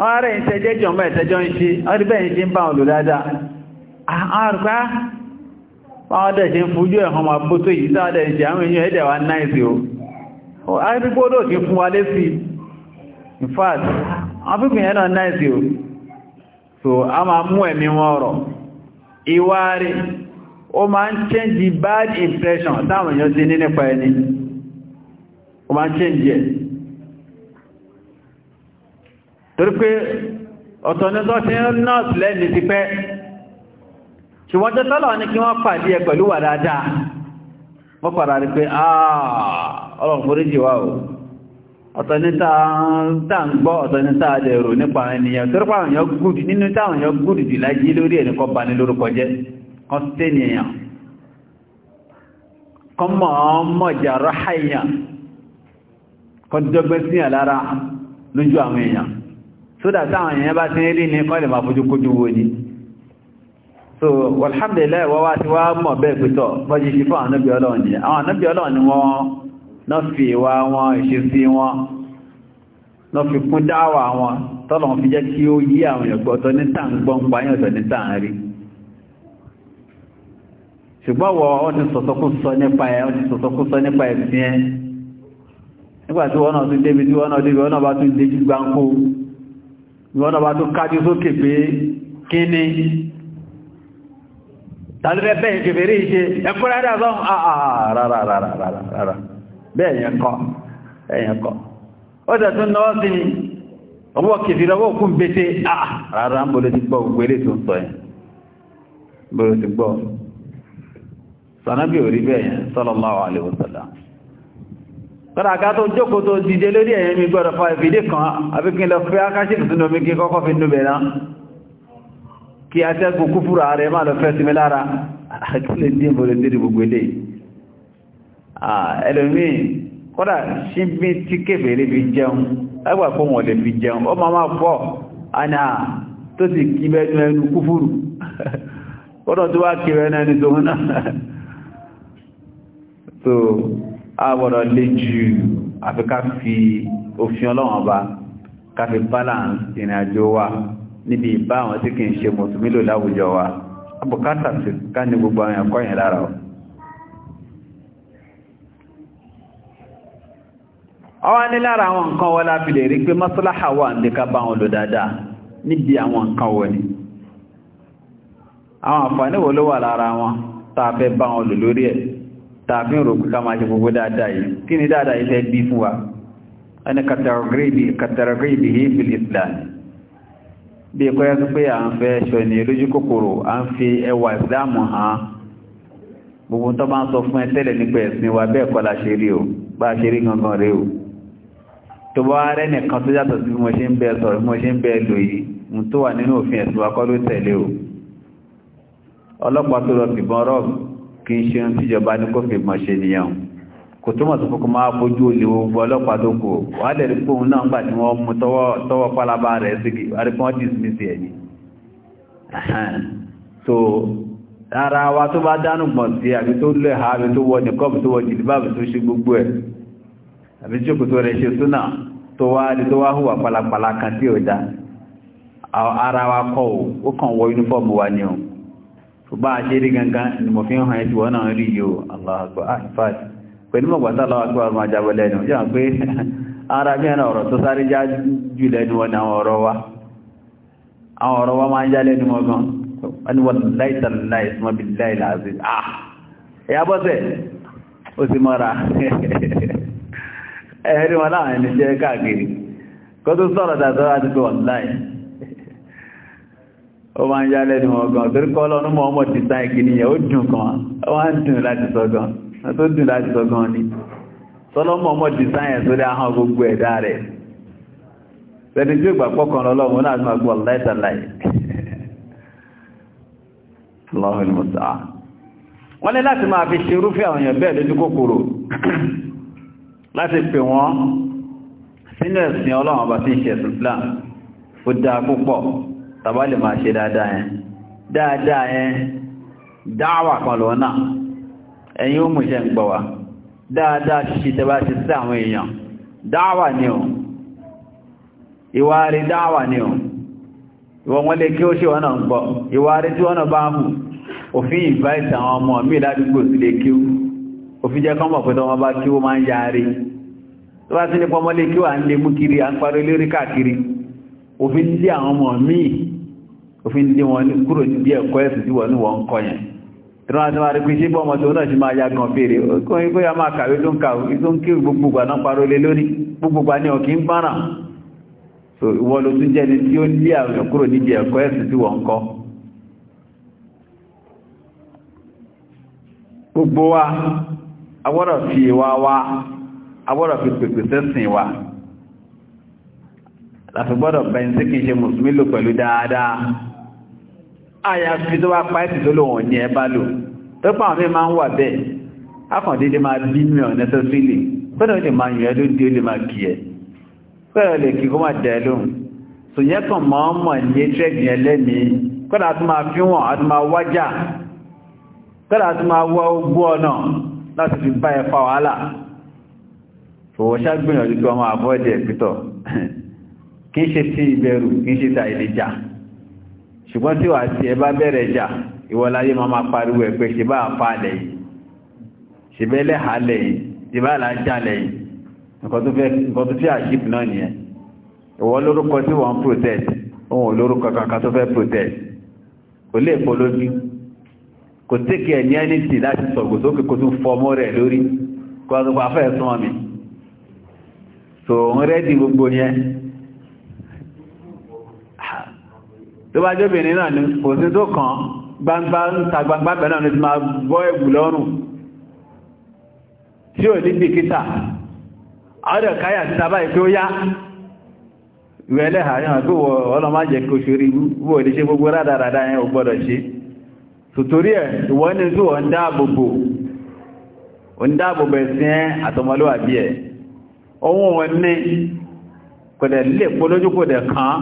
wọ́n rẹ̀ ń tẹ́jẹ́ jọmọ́ ẹ̀tẹ́jọ́ ń ṣe ọdí bẹ́ẹ̀ ṣe ń bá wọn lò ah, o àrígbódò kí fún wa lé sí in fact àwọn fífìyàn náà náìsì o so ama mu emi ẹ̀mí wọn o ìwà change the bad impression táwọn èèyàn ti ní nípa o ó e change ẹ̀ torí pé ọ̀tọ̀ ní tó ti ń nọ́ọ̀sì lẹ́ni ti pẹ́ ṣùgbọ́n tó won pa di wọ́n pàdé ẹ pẹ̀lú ah, o ọ̀tọ̀ ní táà ń gbọ́ ọ̀tọ̀ ní táà dẹ̀rò nípa ènìyàn tó rípa àwòyàn gùdì nínú táwọn èèyàn gùdì jù láyé lórí ẹni kọ́ bá ní lórúkọ jẹ́ kan sí ènìyàn kan mọ̀ mọ̀jà ráhà èèyàn kan dọ́gbẹ́ sí àlára lójú àwọn èèyàn sódà táwọn èèyàn bá kọ́ ni so alhamdulillah wọ́n wá ti wá mọ̀ bẹ́ẹ̀ pẹ́tọ̀ bọ́jú sí náà fi ìwà wọn ìṣesí wọn náà fi kún dáwà wọn tọ́lọ̀ fi jẹ́ kí ó yí àwọn ìyọ̀gbọ́ ọ̀tọ̀ ní tàn gbọ́npa yín ọ̀tọ̀ ní tàn rí ṣùgbọ́n wọ ọ ti sọ̀tọ̀kúsọ nípa ẹ̀ ọ ti sọ̀tọ̀kúsọ nípa ẹ̀ sí ẹ́ nígbàtí wọ́n náà tún débi tí wọ́n náà débi wọ́n náà bá tún déjú gbáǹkó wọ́n náà bá tún kájú sókè pé kí ni tàbí bẹ́ẹ̀ bẹ́ẹ̀ kèfèrè ìṣe ẹkùnrẹ́dà sọ́hún àà ah, ah, ah, rárá rárá rárá bẹ́ẹ̀ yẹn kọ́ ẹ̀yẹn kọ́ ó dẹ̀ tún náwọ́ sí ni ọwọ́ kìfìrí ọwọ́ òkú bété àà rárá ń bolo ti gbọ́ gbogbo eré tó ń sọ yẹn bolo ti gbọ́ sànábì ò rí bẹ́ẹ̀ yẹn sallallahu alaihi wasallam kọ́nà àká tó jókòó tó dìde lórí ẹ̀yẹn mi gbọ́dọ̀ fa ìfìdí kan àbíkín lọ fẹ́ akáṣíkì sínú omi kí kọ́kọ́ fi núbẹ̀ náà kí atẹ́gùn kúfúrò ààrẹ máa lọ fẹ́ sí mi lára àkílẹ̀ dín bolo dín ẹlòmíì kódà ṣíbí tí kébèrè fi jẹun ẹgbà fún wọn lè fi jẹun ó máa máa fọ́ àná tó ti kí bẹ́ẹ̀nu ẹnu kúfúrù kódà tó wá kí bẹ́ẹ̀nu ẹnu tóun náà so àwọ̀rọ̀ lè jù àfi ká fi òfin ọlọ́wọ̀n ọba ká fi balance ìrìn àjò wa níbi ìbá àwọn àwọn ní lára àwọn nǹkan wọ́n láti lè rí pé maslaha wà ní ká bá wọn lò dáadáa níbi àwọn nǹkan wọ́n ni àwọn àǹfààní wo ló wà lára wọn tààfẹ́ bá wọn lò lórí ẹ̀ tààfin rò pé ká máa ṣe gbogbo dáadáa yìí kí ni dáadáa yìí fẹ́ bí fún wa ẹni kàtàràgìrìbì hìfìl gbogbo tó bá ń sọ fún ẹ tẹ́lẹ̀ nípa ẹ̀sìn wa bẹ́ẹ̀ la ṣe rí o bá ṣe rí gangan rí o tó bá rẹ̀ nìkan tó yàtọ̀ sí mo ṣe ń bẹ sọ̀rọ̀ mo ṣe ń bẹ lò yìí mú tó wà nínú òfin ẹ̀sùn akọ́ ló tẹ̀lé o ọlọ́pàá tó lọ fìbọn rọ́b kí n ṣe ń tíjọba ní kó fìbọn ṣe nìyẹn kò túmọ̀ tó fún máa bójú olè so ara wa tó bá dánú gbọ̀n sí àbí tó lẹ̀ ha àbí tó wọ nìkọ́ọ̀bù gbogbo ẹ̀ àbí jókòó tó rẹ̀ ṣe súnà tó wá di kan tí ó dá ara wa kọ́ ó kàn wọ yúnífọ́ọ̀mù wa ni bá a ṣe rí gangan ni mo fi ń hàn ẹ́ tí wọ́n náà rí yìí ò Allahu Akbar àìfàdì ah, mọ̀gbàtà pé ara bí ẹ̀nà ọ̀rọ̀ tó sáré já jù lẹ́nu wọn àwọn ọ̀rọ̀ wa àwọn ọ̀rọ̀ wa máa ń ẹ̀rí wọn láwọn ẹni jẹ́ káàkiri kó tó sọ̀rọ̀ dàtọ́ láti pé wọ́n ó máa ń yá lẹ́nu wọn gan torí kọ́ lọ́nú mọ́ ọmọ ti sáì kì níyẹn ó dùn kan ń dùn láti sọ tó dùn láti ni ọmọ ti sáì ahọ́n gbogbo ẹ̀dá rẹ̀ sẹ́ni tí ó gbà pọ́ kan náà máa gbọ́ wọ́n fi ṣe irúfẹ́ àwọn èèyàn bẹ́ẹ̀ lójú láti pè wọ́n sínú ẹ̀sìn ọlọ́run ọba tí ń ṣe ẹ̀sìn Islam ó dáa púpọ̀ tàbá lè máa ṣe dáadáa yẹn dáadáa yẹn dáwà kan lọ náà ẹ̀yin ó mú iṣẹ́ ń gbọ́ wa dáadáa ṣíṣe tẹ́bá ṣe sí àwọn èèyàn dáwà ni o ìwárí dáwà ni o ìwọ̀n wọ́n kí ó ṣe wọ́n náà ń gbọ́ ìwárí tí wọ́n náà bá hù òfin ìbáìtà àwọn ọmọ mi ládùúgbò sí kí ó òfin jẹ́ kọ́mọ̀ pẹ̀lú ọmọ bá kí ó máa ń yaari tó bá sí ní pọmọlé kí wà ń lè mú kiri à ń parí lérí káàkiri òfin lé àwọn ọmọ míì òfin lé wọn kúrò níbi ẹ̀kọ́ ẹ̀sùn tí wọ́n wọ́n ń kọ́ yẹn tí wọ́n ti máa rí pé ṣé bọ́mọ tó náà ṣe máa ya gan fèrè kóyìn kóyà máa kàwé tó ń kàwé tó ń kí gbogbo gbà náà parí lé lórí gbogbo gbà ní ọ̀kí ń bára ìwọ ló tún jẹ́ni tí ó lé àwọn kúrò níbi ẹ̀kọ́ ẹ̀sùn tí wọ́n ń kọ́ gbogbo wa agbọ́dọ̀ fi ìwà wa agbọ́dọ̀ fi pèpè sẹ́sìn wa láti gbọ́dọ̀ bẹ̀yìn sí kìí ṣe mùsùlùmí lò pẹ̀lú dáadáa àyàfi tó wá pàìtì tó lòun ní ẹbá lò tó pàwọn mí máa ń wà bẹ́ẹ̀ akọ̀dédé máa bí mi ọ̀ nẹ́sẹ̀sílì pẹ́lú ó lè máa yàn ló dé lè máa kì ẹ́ pẹ́lú lè kí kó máa dẹ̀ lóhùn sòyẹ́ kàn máa mọ̀ ní ẹtírẹ́gì yẹn lẹ́mìí kọ́dà máa fi wọ̀n àti máa wájà kọ́dà tó máa wá ogbó ọ̀nà láti fi bá ẹ fa wàhálà fòwò ṣágbìyànjú tó ọmọ àbọ́jẹ̀ pítọ̀ kí ṣe tí ìbẹ̀rù kí ṣe tà ilé jà ṣùgbọ́n tí wà tí ẹ bá bẹ̀rẹ̀ jà ìwọláyé ma máa pariwo ẹ̀ pé ṣe bá fa lẹ́yìn ṣe bẹ́ lẹ́ha lẹ́yìn ṣe bá lájá lẹ́yìn nǹkan tó fẹ́ àṣíp tó fẹ́ protest kò tẹ́kẹ̀ ẹ̀ ní ẹni sí láti sọ̀gbò sókè kò tún fọmọ rẹ̀ lórí kó tó pa fẹ́ sún ọmọ so ń rẹ́dì gbogbo yẹn tó bá jóbìnrin náà ni kò sí tó kàn gbangba ń ta gbangba bẹ̀rẹ̀ náà ni ti máa bọ́ ẹ̀gbù lọ́rùn tí ò ní bìkítà àwọn káyà ti tàbá ìpé ó yá ìwẹ̀lẹ́ àárín àgbówọ̀ ọlọ́májẹ̀ tòtòrí ẹ̀ ìwọ́n ní tí wọ́n dáàbòbò ń dáàbòbò ẹ̀sìn ẹ́ àtọmọlúwàbí ẹ̀ ohun wọn ní kò dẹ̀ lè polójú kò dẹ̀ kàn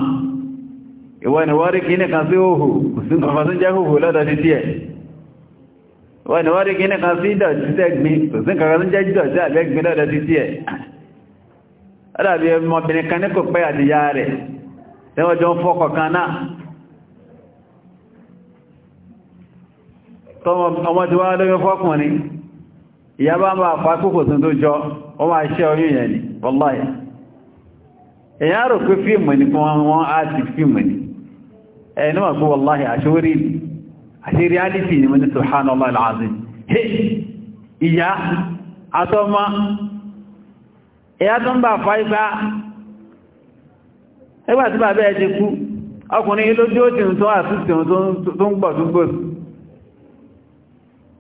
ìwọ́n ni wọ́n rí kí ní kan sí òhù kò sí nǹkan fásún jẹ́ òhù lọ́dọ̀ títí ẹ̀ ìwọ́n ni wọ́n ọmọdé wá lóyún fọ́kùnrin ìyá bá máa pa tún tó jọ ó máa ṣẹ́ oyún yẹn ni wọ́láyà èyàn rò pé fíìmù ní fún wọn á ti fíìmù ní ẹni wà pé wọ́láyà àṣírí àti reality ni wọ́n ni subhanallah alazim ìyá ya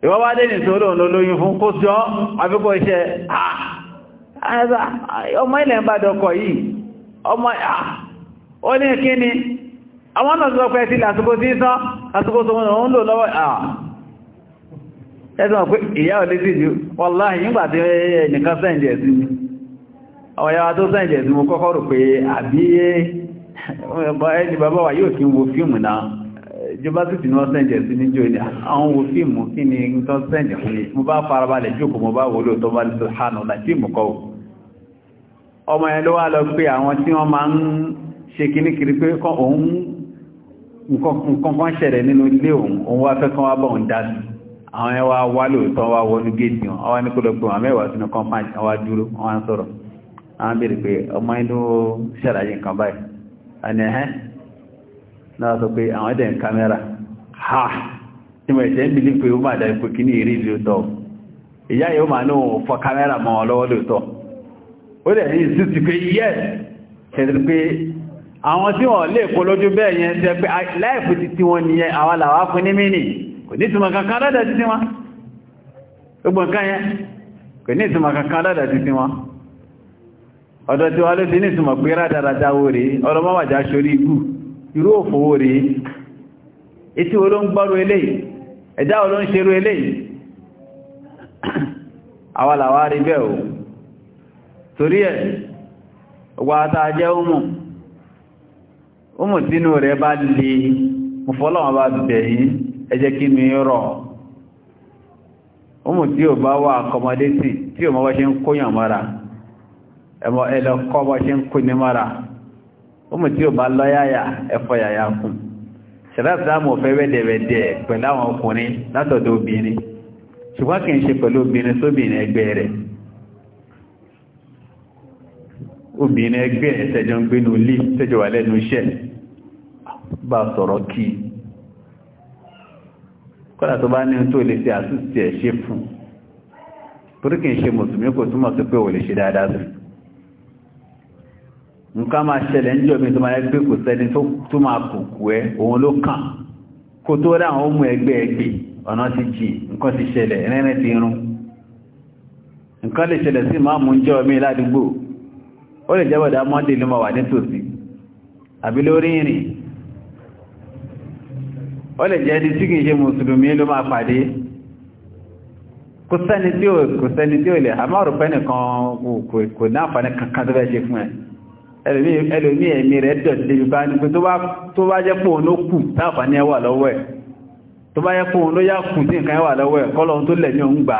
ìwọ́ wá dé nìtò olóòrùn olóyìn fún kó jọ àfikọ́ iṣẹ́ ọmọ ilẹ̀ ń bá dọkọ̀ yìí ọmọ ó ní kí ni àwọn náà tó pẹ́ sílẹ̀ àsìkò tí sán tó mọ́ ń lò lọ́wọ́ pé ìyá ò nígbà ìjọba sì ti ní wọ́n sẹ́ǹjẹ̀ sí níjọ́ ìdí àwọn wo fíìmù kí ni tó sẹ́ǹjẹ̀ fún mi mo bá farabalẹ̀ jókòó mo bá wò ló tó bá lè sọ̀hánù náà fíìmù kọ́ ọmọ yẹn ló wá lọ pé àwọn tí wọ́n máa ń ṣe kíní kiri pé òun nǹkan kan ṣẹlẹ̀ nínú ilé òun òun wá fẹ́ kán náà sọ pé àwọn ẹ̀dẹ̀ ń kámẹ́rà ha ìmọ̀ ẹ̀ṣẹ̀ ń bìlí pé ó máa dáa pé kí ní ìrí lóòtọ́ ìyá yóò máa ní òun fọ́ kámẹ́rà mọ́ wọn lọ́wọ́ lóòtọ́ ó dẹ̀ ní ìsú ti pé yes ṣẹ̀dẹ̀ pé àwọn tí wọ́n lè kó lójú bẹ́ẹ̀ yẹn jẹ́ pé láìpù ti tí wọ́n nìyẹn àwa làwa fún ní mínì kò ní ìtumọ̀ kankan lọ́dọ̀ ti tí wọ́n gbogbo nǹkan yẹn kò ní ìtumọ̀ kankan lọ́dọ̀ ti tí wọ́n ọ̀dọ̀ tí wọ́n ló ti ní ìtumọ̀ pé rádaràdáwó rèé ọlọ́mọ́wàjá sórí ikú irú òfòwò rí etí wo ló ń gbọ́rú eléyìí ẹ̀dá wo ló ń ṣerú eléyìí àwa rí o torí ẹ̀ ọgbà àtà jẹ́ ọmọ ọmọ tínú rẹ̀ bá lè mú fọ́lọ́wọ́n bá bẹ̀yìn ẹ jẹ́ kí mi rọ̀ ọmọ tí bá wà accommodation tí ò bá ṣe ń mọ́ra bá ṣe ń kó ní mọ́ra ọmọ tí ó bá lọ́yàyà ẹ̀fọ́ yàyà fún ṣẹ̀dáṣàmù ọ̀fẹ́ wẹ́dẹ̀wẹ́dẹ̀ pẹ̀lú àwọn ọkùnrin látọ̀dọ̀ obìnrin ṣùgbọ́n kìí ṣe pẹ̀lú obìnrin sóbìnrin ẹgbẹ́ rẹ̀ obìnrin ẹgbẹ́ ẹ̀tẹ́jọ ń gbénu lé tẹ́jọ wà lẹ́nu iṣẹ́ kọ́lá tó bá ní tó lè ṣe àtúnṣe ẹ̀ ṣe fún torí kìí nǹkan máa ṣẹlẹ̀ ń mi tó máa yẹ pé kò sẹ́ni tó máa ọmụ egbe òun ló kàn kò tó rá àwọn nkọ ẹgbẹ́ ẹgbẹ́ ọ̀nà ti jì nǹkan ti ṣẹlẹ̀ rẹ́rẹ́ ti rún nǹkan lè ṣẹlẹ̀ sí máa mú mi ládùúgbò ó lè jẹ́bọ̀dá mọ́dé ló máa wà nítòsí àbí lórí ó lè jẹ́ ẹni tí kìí ṣe mùsùlùmí ló máa pàdé kò sẹ́ni ẹlòmí ẹ̀mí rẹ̀ dọ̀dẹ̀ yorùbá ní pé tó bá jẹ́ pòun ló kù táàfàní ẹwà lọ́wọ́ ẹ̀ tó bá jẹ́ pòun ló yá kù tí nǹkan ẹwà lọ́wọ́ ẹ̀ kọ́lọ́un tó lẹ̀ ní òun gbà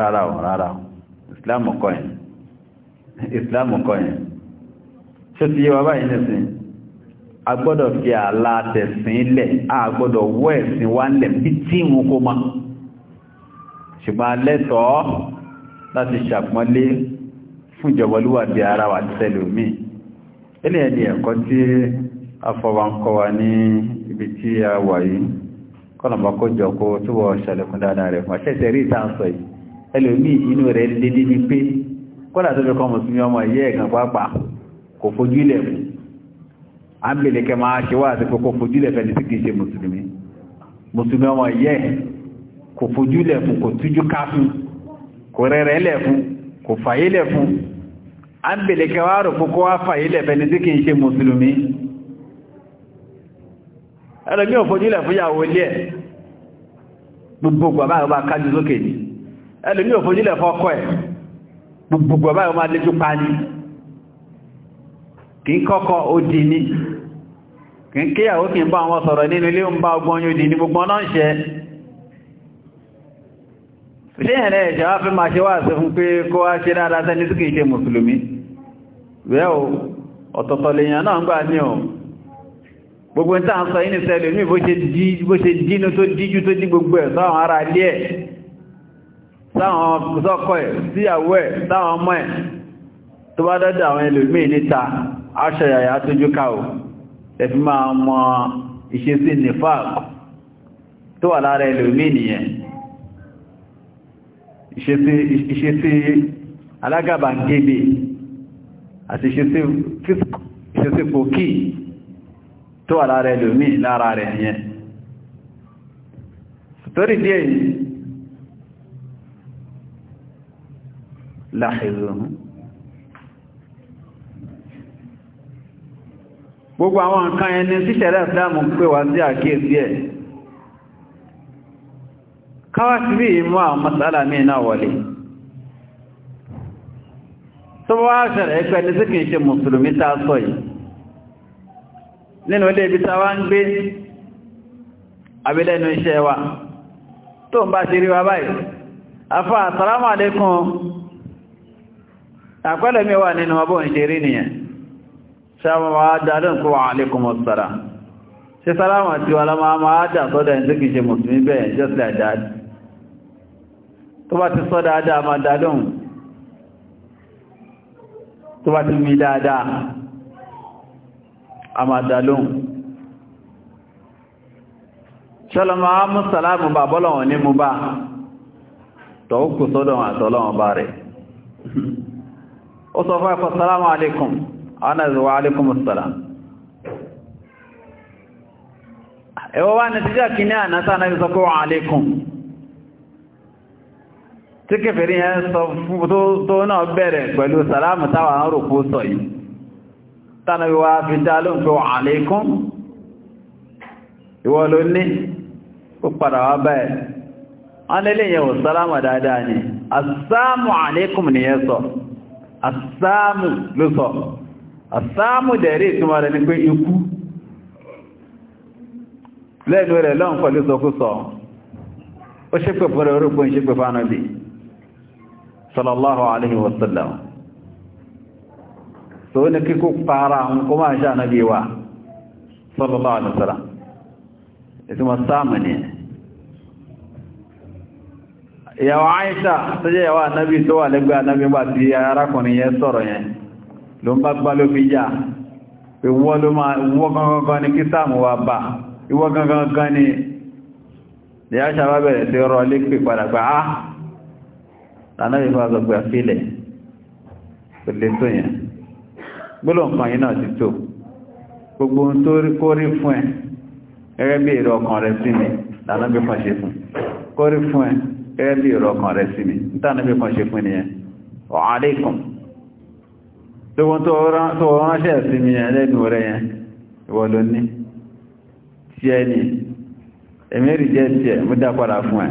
rárá o rárá o islam kọ́ yẹn islam kọ́ yẹn fún ìjọwọlúwà bí ara wà tẹ́lẹ̀ omi ilé ẹ̀dì ẹ̀kọ́ tí afọwankọ́ wa ní ibi tí a wà yìí kọ́nàmọ́ kó jọ kó túbọ̀ ṣàlẹ̀kùn dáadáa rẹ̀ fún àṣẹ́sẹ̀ rí ìtànsọ̀ yìí ẹlẹ́ omi inú rẹ̀ dédé ní pé kọ́nà tó fi kọ́ mùsùlùmí ọmọ ìyẹ́ kò fojú ilẹ̀ kò fojú ilẹ̀ kò rẹ̀rẹ̀ lẹ̀ kò fàyé lẹ̀ a ń bèèrè kẹwàárò kókó wá fàyí lẹ̀fẹ́ni tí kìí ṣe mùsùlùmí ẹlòmí òfojúlẹ̀ fúyàwó ilé ẹ̀ gbogbo àbáyọ̀ bá kájú sókè ní ẹlòmí òfojúlẹ̀ fọ́kọ́ ẹ̀ gbogbo àbáyọ̀ máa léjú pa ní kìí kọ́kọ́ ó di ní ṣe ẹ̀rẹ́ ẹ̀ṣẹ̀ wá fẹ́ máa ṣe wá sí fún pé kó wá ṣe dáadáa sẹ́ni tí kìí ṣe mùsùlùmí rẹ̀ o ọ̀tọ̀tọ̀ lèyàn náà ń gbà ní ọ̀ gbogbo ń tàà sọ yìí ní sẹ́lẹ̀ ní bó ṣe dínú tó díjú tó dí gbogbo ẹ̀ sáwọn ará ilé ẹ̀ sáwọn sọ́kọ̀ ẹ̀ síyàwó ẹ̀ àwọn ẹlòmíì ìṣesí alágàbàǹgébè àti ìṣesí pòkí tó wà lára ẹlòmí lára rẹ̀ yẹn torí díẹ̀ yìí láàrínlọ́hún gbogbo àwọn nǹkan ẹni síṣẹ̀lẹ̀ ìsìlámù pè wá sí àkíyèsí ẹ̀ káwàtí bí i mọ́ àwọn matsala mai náà wọlé tó wá ṣẹ̀rẹ̀ ẹgbẹ́ ní sí kìí ṣe mùsùlùmí ta sọ yìí nínú ilé ibi ta wá ń gbé abilẹ́nu iṣẹ́ wa tó ń bá ṣe rí wa báyìí afọ́ assalamu alaikum àpẹẹlẹ̀ mi wà nínú ọbọ̀ ìṣeré nìyẹn ṣáwọn wa dáadọ́ nǹkan wa alaikum assalam ṣe sálámà tí wà lọ́mọ́ máa dà sọ́dọ̀ ẹ̀ tí kìí ṣe mùsùlùmí bẹ́ẹ̀ just like that tó bá ti sọ dáadáa máa dá lóhùn tó bá ti mi dáadáa a máa dá lóhùn ṣọ́lọ́mọ́ á mú sàlámù bá bọ́lọ̀wọ̀n ní mú bá tọ́wọ́ kò sọ́dọ̀ àtọ́lọ́wọ̀n bá rẹ̀ ó sọ fún ẹ̀kọ́ sàlámù alaikum ana zuwa alaikum ẹwọ́ wá nàtíjà kí ní ànátà náà sọ fún alaikum tí kẹfẹ̀rí yẹn sọ fún tó náà bẹ̀rẹ̀ pẹ̀lú sàlámù táwà ń rò kó sọ yìí tánà wíwá fi dá ló ń pè wà alékún ìwọ ló ní ó padà wá bẹ́ẹ̀ wọ́n lélẹ̀ yẹn ò sàlámù dáadáa ni asáàmù alékún ni yẹn sọ asáàmù ló sọ ó ṣépè fún rẹ̀ orógbó ń ṣépè sallallahu alaihi wasallam so ní kíkú fara hun kuma a sha nabi wa sallallahu alaihi wasallam isi ma samu ne yawa aisha tó jẹ́ yawa nabi tó wà lẹ́gbẹ́ anabi bá ti arákùnrin yẹ sọ̀rọ̀ yẹn ló ń bá gbá ló fi já ìwọ ló máa ìwọ gangan ni kí wa bá ìwọ gangan ni ìyá ṣàbábẹ̀rẹ̀ tí rọ lé pè padà pé ah lànàbí fún àgbàgbà fílẹ̀ kò lè tó yẹn gbọ́lọ̀ nǹkan yìí náà ti tó gbogbo ohun tó rí kó rí fún ẹ gẹ́gẹ́ bí èrò ọkàn rẹ sí mi lànàbí kan ṣe fún kó rí fún ẹ gẹ́gẹ́ bí èrò ọkàn rẹ sí mi nítànàbí kan ṣe fún nìyẹn ọ̀hánlẹ́kùn tó tó ránṣẹ́ sí mi yẹn lẹ́nu rẹ yẹn ìwọ ló ní tí ẹ èmi rí jẹ́ tí ẹ dá padà fún ẹ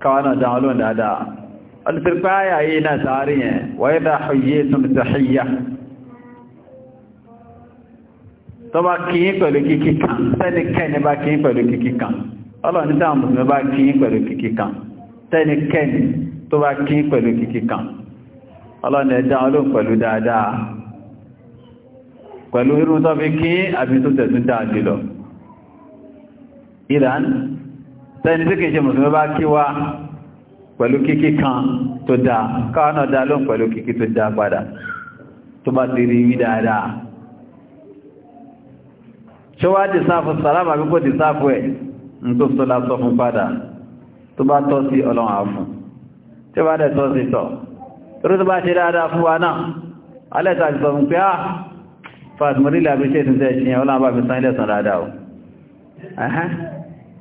káwánà dáwọn lóòn dáadáa alìsirpa ayà yìí náà sáàrí yẹn wáyé bá ṣòyé tún ti ṣíyà tó bá kíyín pẹ̀lú kíkí kan tẹ́nikẹ́ni bá kíyín pẹ̀lú kíkí kan ọlọ́ni táwọn mùsùlùmí bá kíyín pẹ̀lú kíkí kan tẹ́nikẹ́ni tó bá kíyín pẹ̀lú kíkí kan ọlọ́ni ẹ̀dá ọlọ́run pẹ̀lú dáadáa pẹ̀lú irun tó fi kíyín tó tẹ̀sùn dáadé lọ ìlànà tẹni tí kìí ṣe mùsùlùmí bá kí wá pẹ̀lú kíkí kan tó dáa káwọn náà dá lóhùn pẹ̀lú kíkí tó dáa padà tó bá ti rí wí dáadáa ṣé wá dì sáfù sàlámà bí kò dì sáfù ẹ̀ ń tó sọ́lá sọ fún padà tó bá tọ́ sí ọlọ́run àfún tí bá dẹ̀ tọ́ sí tọ́ torí tó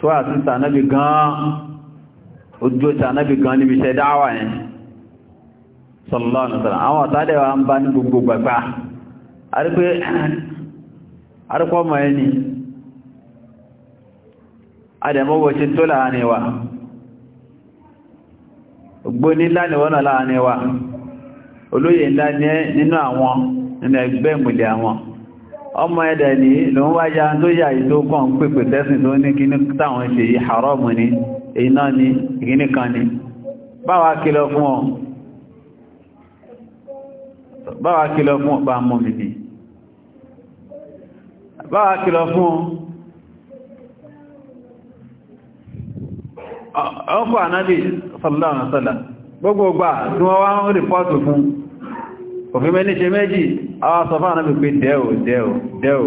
tó àti sànábì gan ojú sànábì gan níbi iṣẹ́ dáwà yẹn sallallahu alaihi àwọn ọ̀tádẹ̀ wa ń bá ní gbogbo gbàgbà arúkọ́ ọmọ ẹni adẹ̀mọ́wọ́ ṣe tó láàrin wa ògbóní ńlá ni wa olóyè ńlá ní nínú àwọn nínú ẹgbẹ́ ìmùlẹ̀ àwọn ọmọ ẹ̀dẹ̀ ní ló ń wájá tó yà ìtó kàn pèpè tẹ́sìn tó ní kíní táwọn ṣe yí haram ní iná ní ìgíní kan ní báwa kìlọ̀ fún ọ báwa kìlọ̀ fún ọ̀pá mọ́ mi bí báwa kìlọ̀ fún ọkọ̀ òfin mẹ́ni ṣe méjì àwọn sọ fáwọn náà pé dẹ́ò dẹ́ò dẹ́ò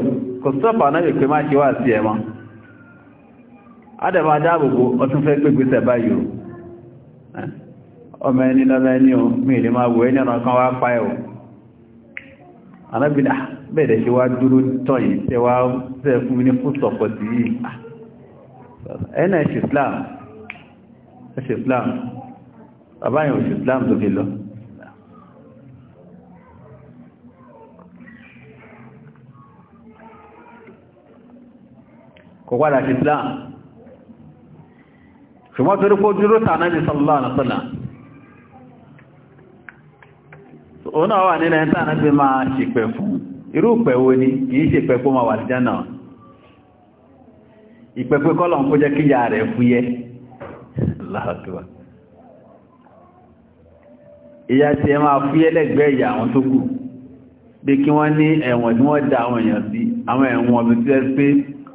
kò sọ́pàá náà pé má ṣe wà sí ẹmọ́ adẹ̀mọ́ ajáàbòbò ọtún fẹ́ pé gbèsè báyìí ọmọ ẹni lọ́mọ ẹni o mi lè máa wò ẹni ọ̀nà kan wá pa o anábìnà ah, bẹ̀rẹ̀ ṣe wá dúró tọ́ yìí tẹ́ wá tẹ́ fún mi ní fún sọ̀pọ̀ sí yìí ah, ẹ̀nà ẹ̀ṣì Islam ẹ̀ṣì Islam bàbá yẹn ò ṣì Islam tó fi lọ kò padà sí Islam ṣùgbọ́n torí kó dúró tànà ní sallallahu alaihi wasallam òun náà wà nílẹ̀ tànà bí máa ṣìpẹ̀ fún irú pẹ̀wó ni kìí ṣìpẹ̀ kó máa wà ní jẹ́nà ìpẹ̀pẹ̀ kọ́lọ̀ ń kó jẹ́ kíyà rẹ̀ fúyẹ́ láàtúwà ìyá tí ẹ máa fúyẹ́ lẹ́gbẹ̀ẹ́ ìyà àwọn tó kù bí kí wọ́n ní ẹ̀wọ̀n tí wọ́n da àwọn èèyàn sí àwọn ẹ̀wọ̀n bí tí ẹ pé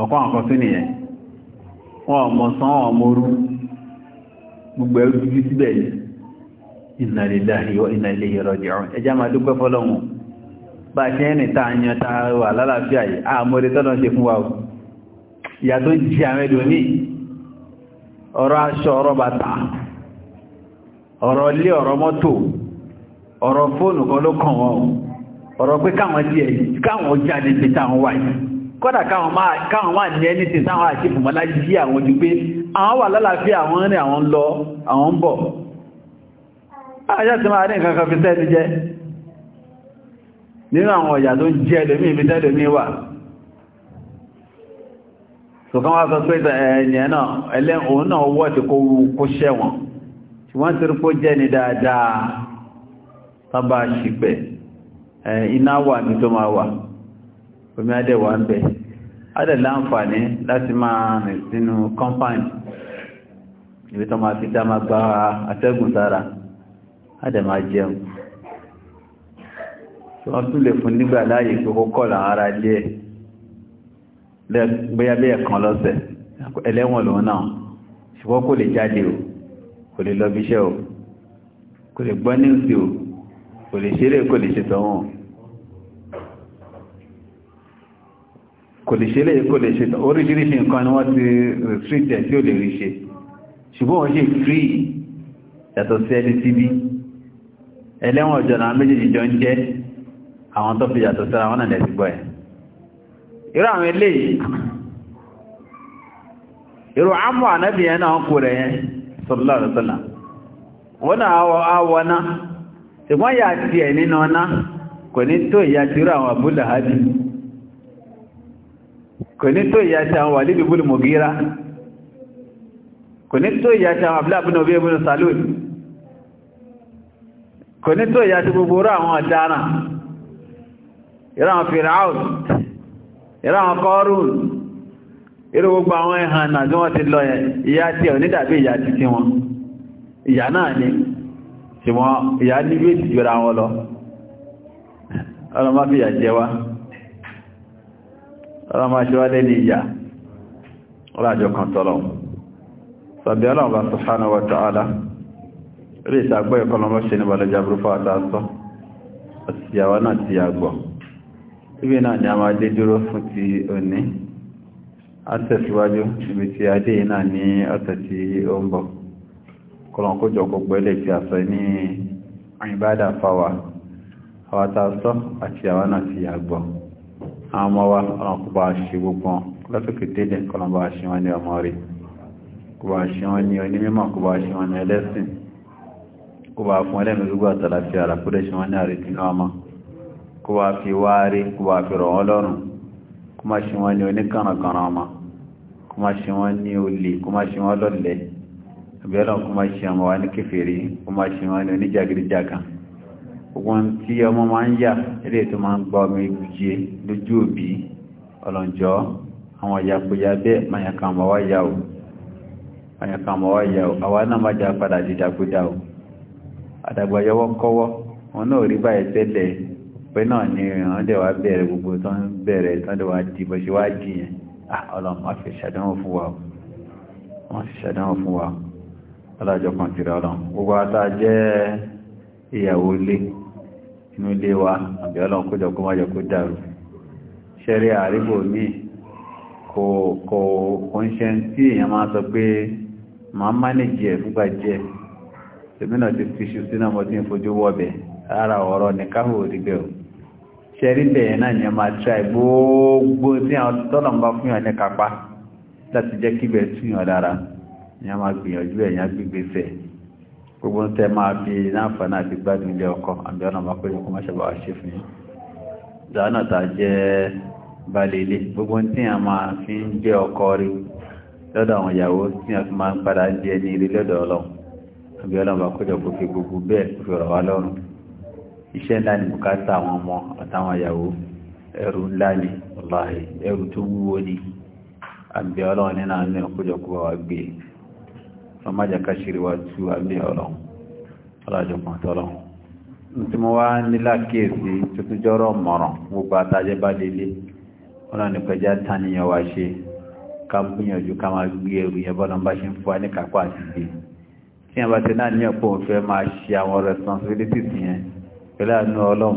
ẹ̀kọ́ àwọn kan sí nìyẹn wọ́n mọ̀ sán wọ́n mọ̀rú gbogbo ẹrù dúdú síbẹ̀ yìí inna lillahi wa inna ilayhi raji'un ẹjá máa dúpẹ́ fọ́lọ́run bá ṣe ẹni tá a yan tá a wà lálàáfíà yìí àmọ́rẹ́ tọ́lọ́ ṣe fún wa ìyà tó jí àwọn ẹlòmí ọ̀rọ̀ aṣọ ọ̀rọ̀ bàtà ọ̀rọ̀ ilé ọ̀rọ̀ mọ́tò ọ̀rọ̀ fóònù kan ló kàn wọ́n ọ̀rọ̀ pé káwọn jáde pé táwọn wáyìí kọ́dà káwọn wà ní ẹni tí sáwọn àti ìfùmọ́lá yí àwọn ojú pé àwọn wà lálàáfíà àwọn rìn àwọn lọ àwọn ń bọ̀. ayá ah, ti máa rí nǹkan fi jẹ́ nínú àwọn ọ̀yà tó ń jẹ́ ẹlòmí ibi wà ní tó máa wà omi adẹ́wà ń bẹ̀ adẹ̀ láǹfààní láti máa rìn sínú compound ìwé tó máa fi dá máa gba atẹ́gùn sára adẹ̀ máa jẹun tí wọ́n tún lè fún nígbà láàyè pé kó kọ́lá ara lé ẹ̀ bóyá bí ẹ̀kan lọ́sẹ̀ ẹlẹ́wọ̀n lòun náà ṣùgbọ́n kò lè jáde o kò lè lọ bí o kò lè gbọ́ ní ìsìn o kò lè ṣeré kò lè ṣe tọ́wọ́n kò lè ṣe lè kò lè ṣe oríṣiríṣi nǹkan ni wọ́n ti retreat ẹ̀ tí ó lè rí ṣe ṣùgbọ́n wọ́n ṣe free yàtọ̀ sí ẹni tí bí ẹlẹ́wọ̀n ọjọ́ náà méjèèjì jọ ń jẹ́ àwọn tó fi yàtọ̀ sára wọn nàlẹ̀ sígbọ́ ẹ̀ irú àwọn eléyìí irú àmọ́ ànábì yẹn náà kú rẹ̀ yẹn sallallahu alaihi wasallam wọn náà kò ní tó ìyá tí àwọn Walid ibn Mughira kò ní tó ìyá tí àwọn Abdullah ibn Ubay ibn Salul kò ní tó ìyá tí gbogbo rọ àwọn ọ̀daràn ìran Fir'aun ìran Qarun irú gbogbo àwọn ẹ̀hàn náà tí wọ́n ti lọ ìyá tí ò ní ìyá ti tí wọn ìyá náà ni ṣùgbọ́n ìyá ní bí wọn lọ ọlọ́mọ́ fi jẹ wá ọlọ́run máa ṣe wá lé ní ìyà ọlájọ kan tọ́lọ́run sàbí ọlọ́run bá subhanahu wa ta'ala orí ìsàgbọ́ ìkọlọmọ́ ṣe ní balẹ̀ jàbúrúfà àtàsọ́ àtìyàwó náà ti yàgbọ́ ibi náà ni a máa dé dúró fún ti òní àtẹ̀síwájú ibi tí a dé náà ní ọ̀tẹ̀ tí ó ń bọ̀ kọlọ̀kójọ gbogbo ilẹ̀ tí a sọ ní àyíbádà fáwà àwátàsọ́ àti àwọn náà ti yàgbọ́ àwọn ọmọ wa ọlọ́nkú bá ṣe gbogbo lọ́tọ̀kì tẹ́lẹ̀ kọlọmbà ṣe wọ́n ní ọmọ rí kò bá ṣe wọ́n ní onímọ̀ kò bá ṣe wọ́n ní ẹlẹ́sìn kò bá fún ẹlẹ́mì gbogbo àtàlàfíà àràkúrẹ́ ṣe wọ́n ní àrètí náà kò bá fi wá kò bá fi rọ̀ wọ́n lọ́rùn kò má ṣe wọ́n ní oníkànnàkànnà ọmọ kò má ṣe wọ́n ní olè kò má ṣe wọ́n ogun tí ọmọ máa ń yà ilé tó máa ń gba ọmọ ìgbìje lójú òbí ọlọ́njọ́ àwọn ìyàpòyà bẹ́ẹ̀ mayaka ọmọ wá yà ó mayaka ọmọ wá yà ó àwa náà má já padà dídàkúdà ó àdàgbà yọwọ́ kọ́wọ́ wọn náà rí báyìí tẹ́lẹ̀ pé náà ni ìrìnà dẹ̀ wá bẹ̀rẹ̀ gbogbo tó ń bẹ̀rẹ̀ tó ń dẹ̀ wá di bó ṣe wá di yẹn ọlọ́run wọ́n fi ṣàdánwò fún wa wọ́n ìyàwó lé inú ilé wa àbí ọlọ́run kójọ kó má jẹ́ kó dàrú ṣẹ́rí àrígbò míì kò kò kò ń ṣe tí èèyàn máa sọ pé ma ń mánéjì ẹ̀ fúgbà jẹ́ tèmínà ti fiṣu sínú ọmọ tí ń fojú wọ́bẹ̀ ara ọ̀rọ̀ ní káhù òdìgbẹ̀ ò ṣẹ́rí bẹ̀yẹn náà ni ẹ máa tra gbogbo tí àwọn tọ́lọ̀ ń bá fún yàn ní kápá láti jẹ́ kíbẹ̀ túyàn dára ni máa gbìyànjú ẹ̀yàn gbígbésẹ̀ gbogbo ń tẹ́ máa fi náàfàánà àti gbádùn ilé ọkọ̀ àbí ọ̀nà àbákọ́jọ kó má ṣe bá wa ṣe fún yín dáná ta jẹ́ balẹ̀lẹ̀ gbogbo tí a máa fi ń jẹ́ ọkọ rí lọ́dọ̀ àwọn ìyàwó tí a fi máa ń padà jẹ́ ní ilé lọ́dọ̀ ọlọ́run àbí ọlọ́run bá kọjọ kò fi gbogbo bẹ́ẹ̀ fi ọ̀rọ̀ wá lọ́rùn iṣẹ́ ńlá ni bùkátà àwọn ọmọ àtàwọn ìyàwó ẹrù ńlá ni ọláhì ẹrù tó wúwo ni àbí ọlọ́run nínú àwọn ènìyàn kọjọ kó wá gbé ọmọ jẹ́ káṣírí wá tú alẹ́ ọlọ́run ọlọ́jọ́ kan tọ́lọ́run tí mo wá nílá kíyèsí tuntun jọ́rọ̀ mọ̀ràn gbogbo àtàjẹ́ bá délé ọlọ́run nípẹjá tániyàn wá ṣe ká ń gbìyànjú ká máa gbé ẹrù yẹn bọ́lá bá ṣe ń fún wa àti gbé tí yẹn bá ti náà níyàn pé òun máa ṣe àwọn responsibilities yẹn pẹ̀lú àánú ọlọ́run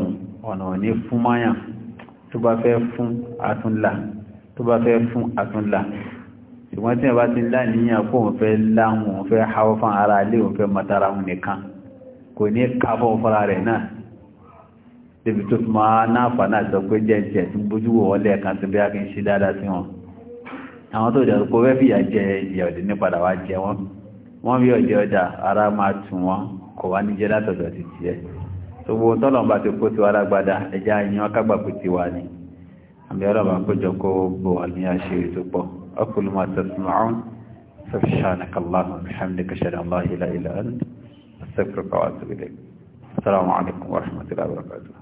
ọ̀nà òní fún máyàn tó bá fẹ́ fún àtúnlà tó bá fẹ́ fún àtúnlà ṣùgbọ́n tí wọ́n bá ti láníyàn kó òun fẹ́ láhùn òun fẹ́ háwọ́ fún ara ilé òun fẹ́ mọ́tara òun nìkan kò ní kábọ̀ fúnra rẹ̀ náà débi tó fi máa náàfà náà sọ pé jẹ́ ìjẹ́ tí bójú wò wọ́n lẹ́ẹ̀kan tó bí a kì í ṣe dáadáa sí wọn àwọn tó dẹ̀rù kó fẹ́ fìyà jẹ ìyà òdì ní padà wá jẹ wọn wọ́n bí ọ̀jẹ̀ ọjà ara máa tù wọ́n kò wá níjẹ́ látọ̀dọ̀ ti tiẹ̀ tó أكل ما تسمعون سبحانك الله وبحمدك أشهد أن لا إله إلا أنت أستغفرك وأتوب إليك السلام عليكم ورحمة الله وبركاته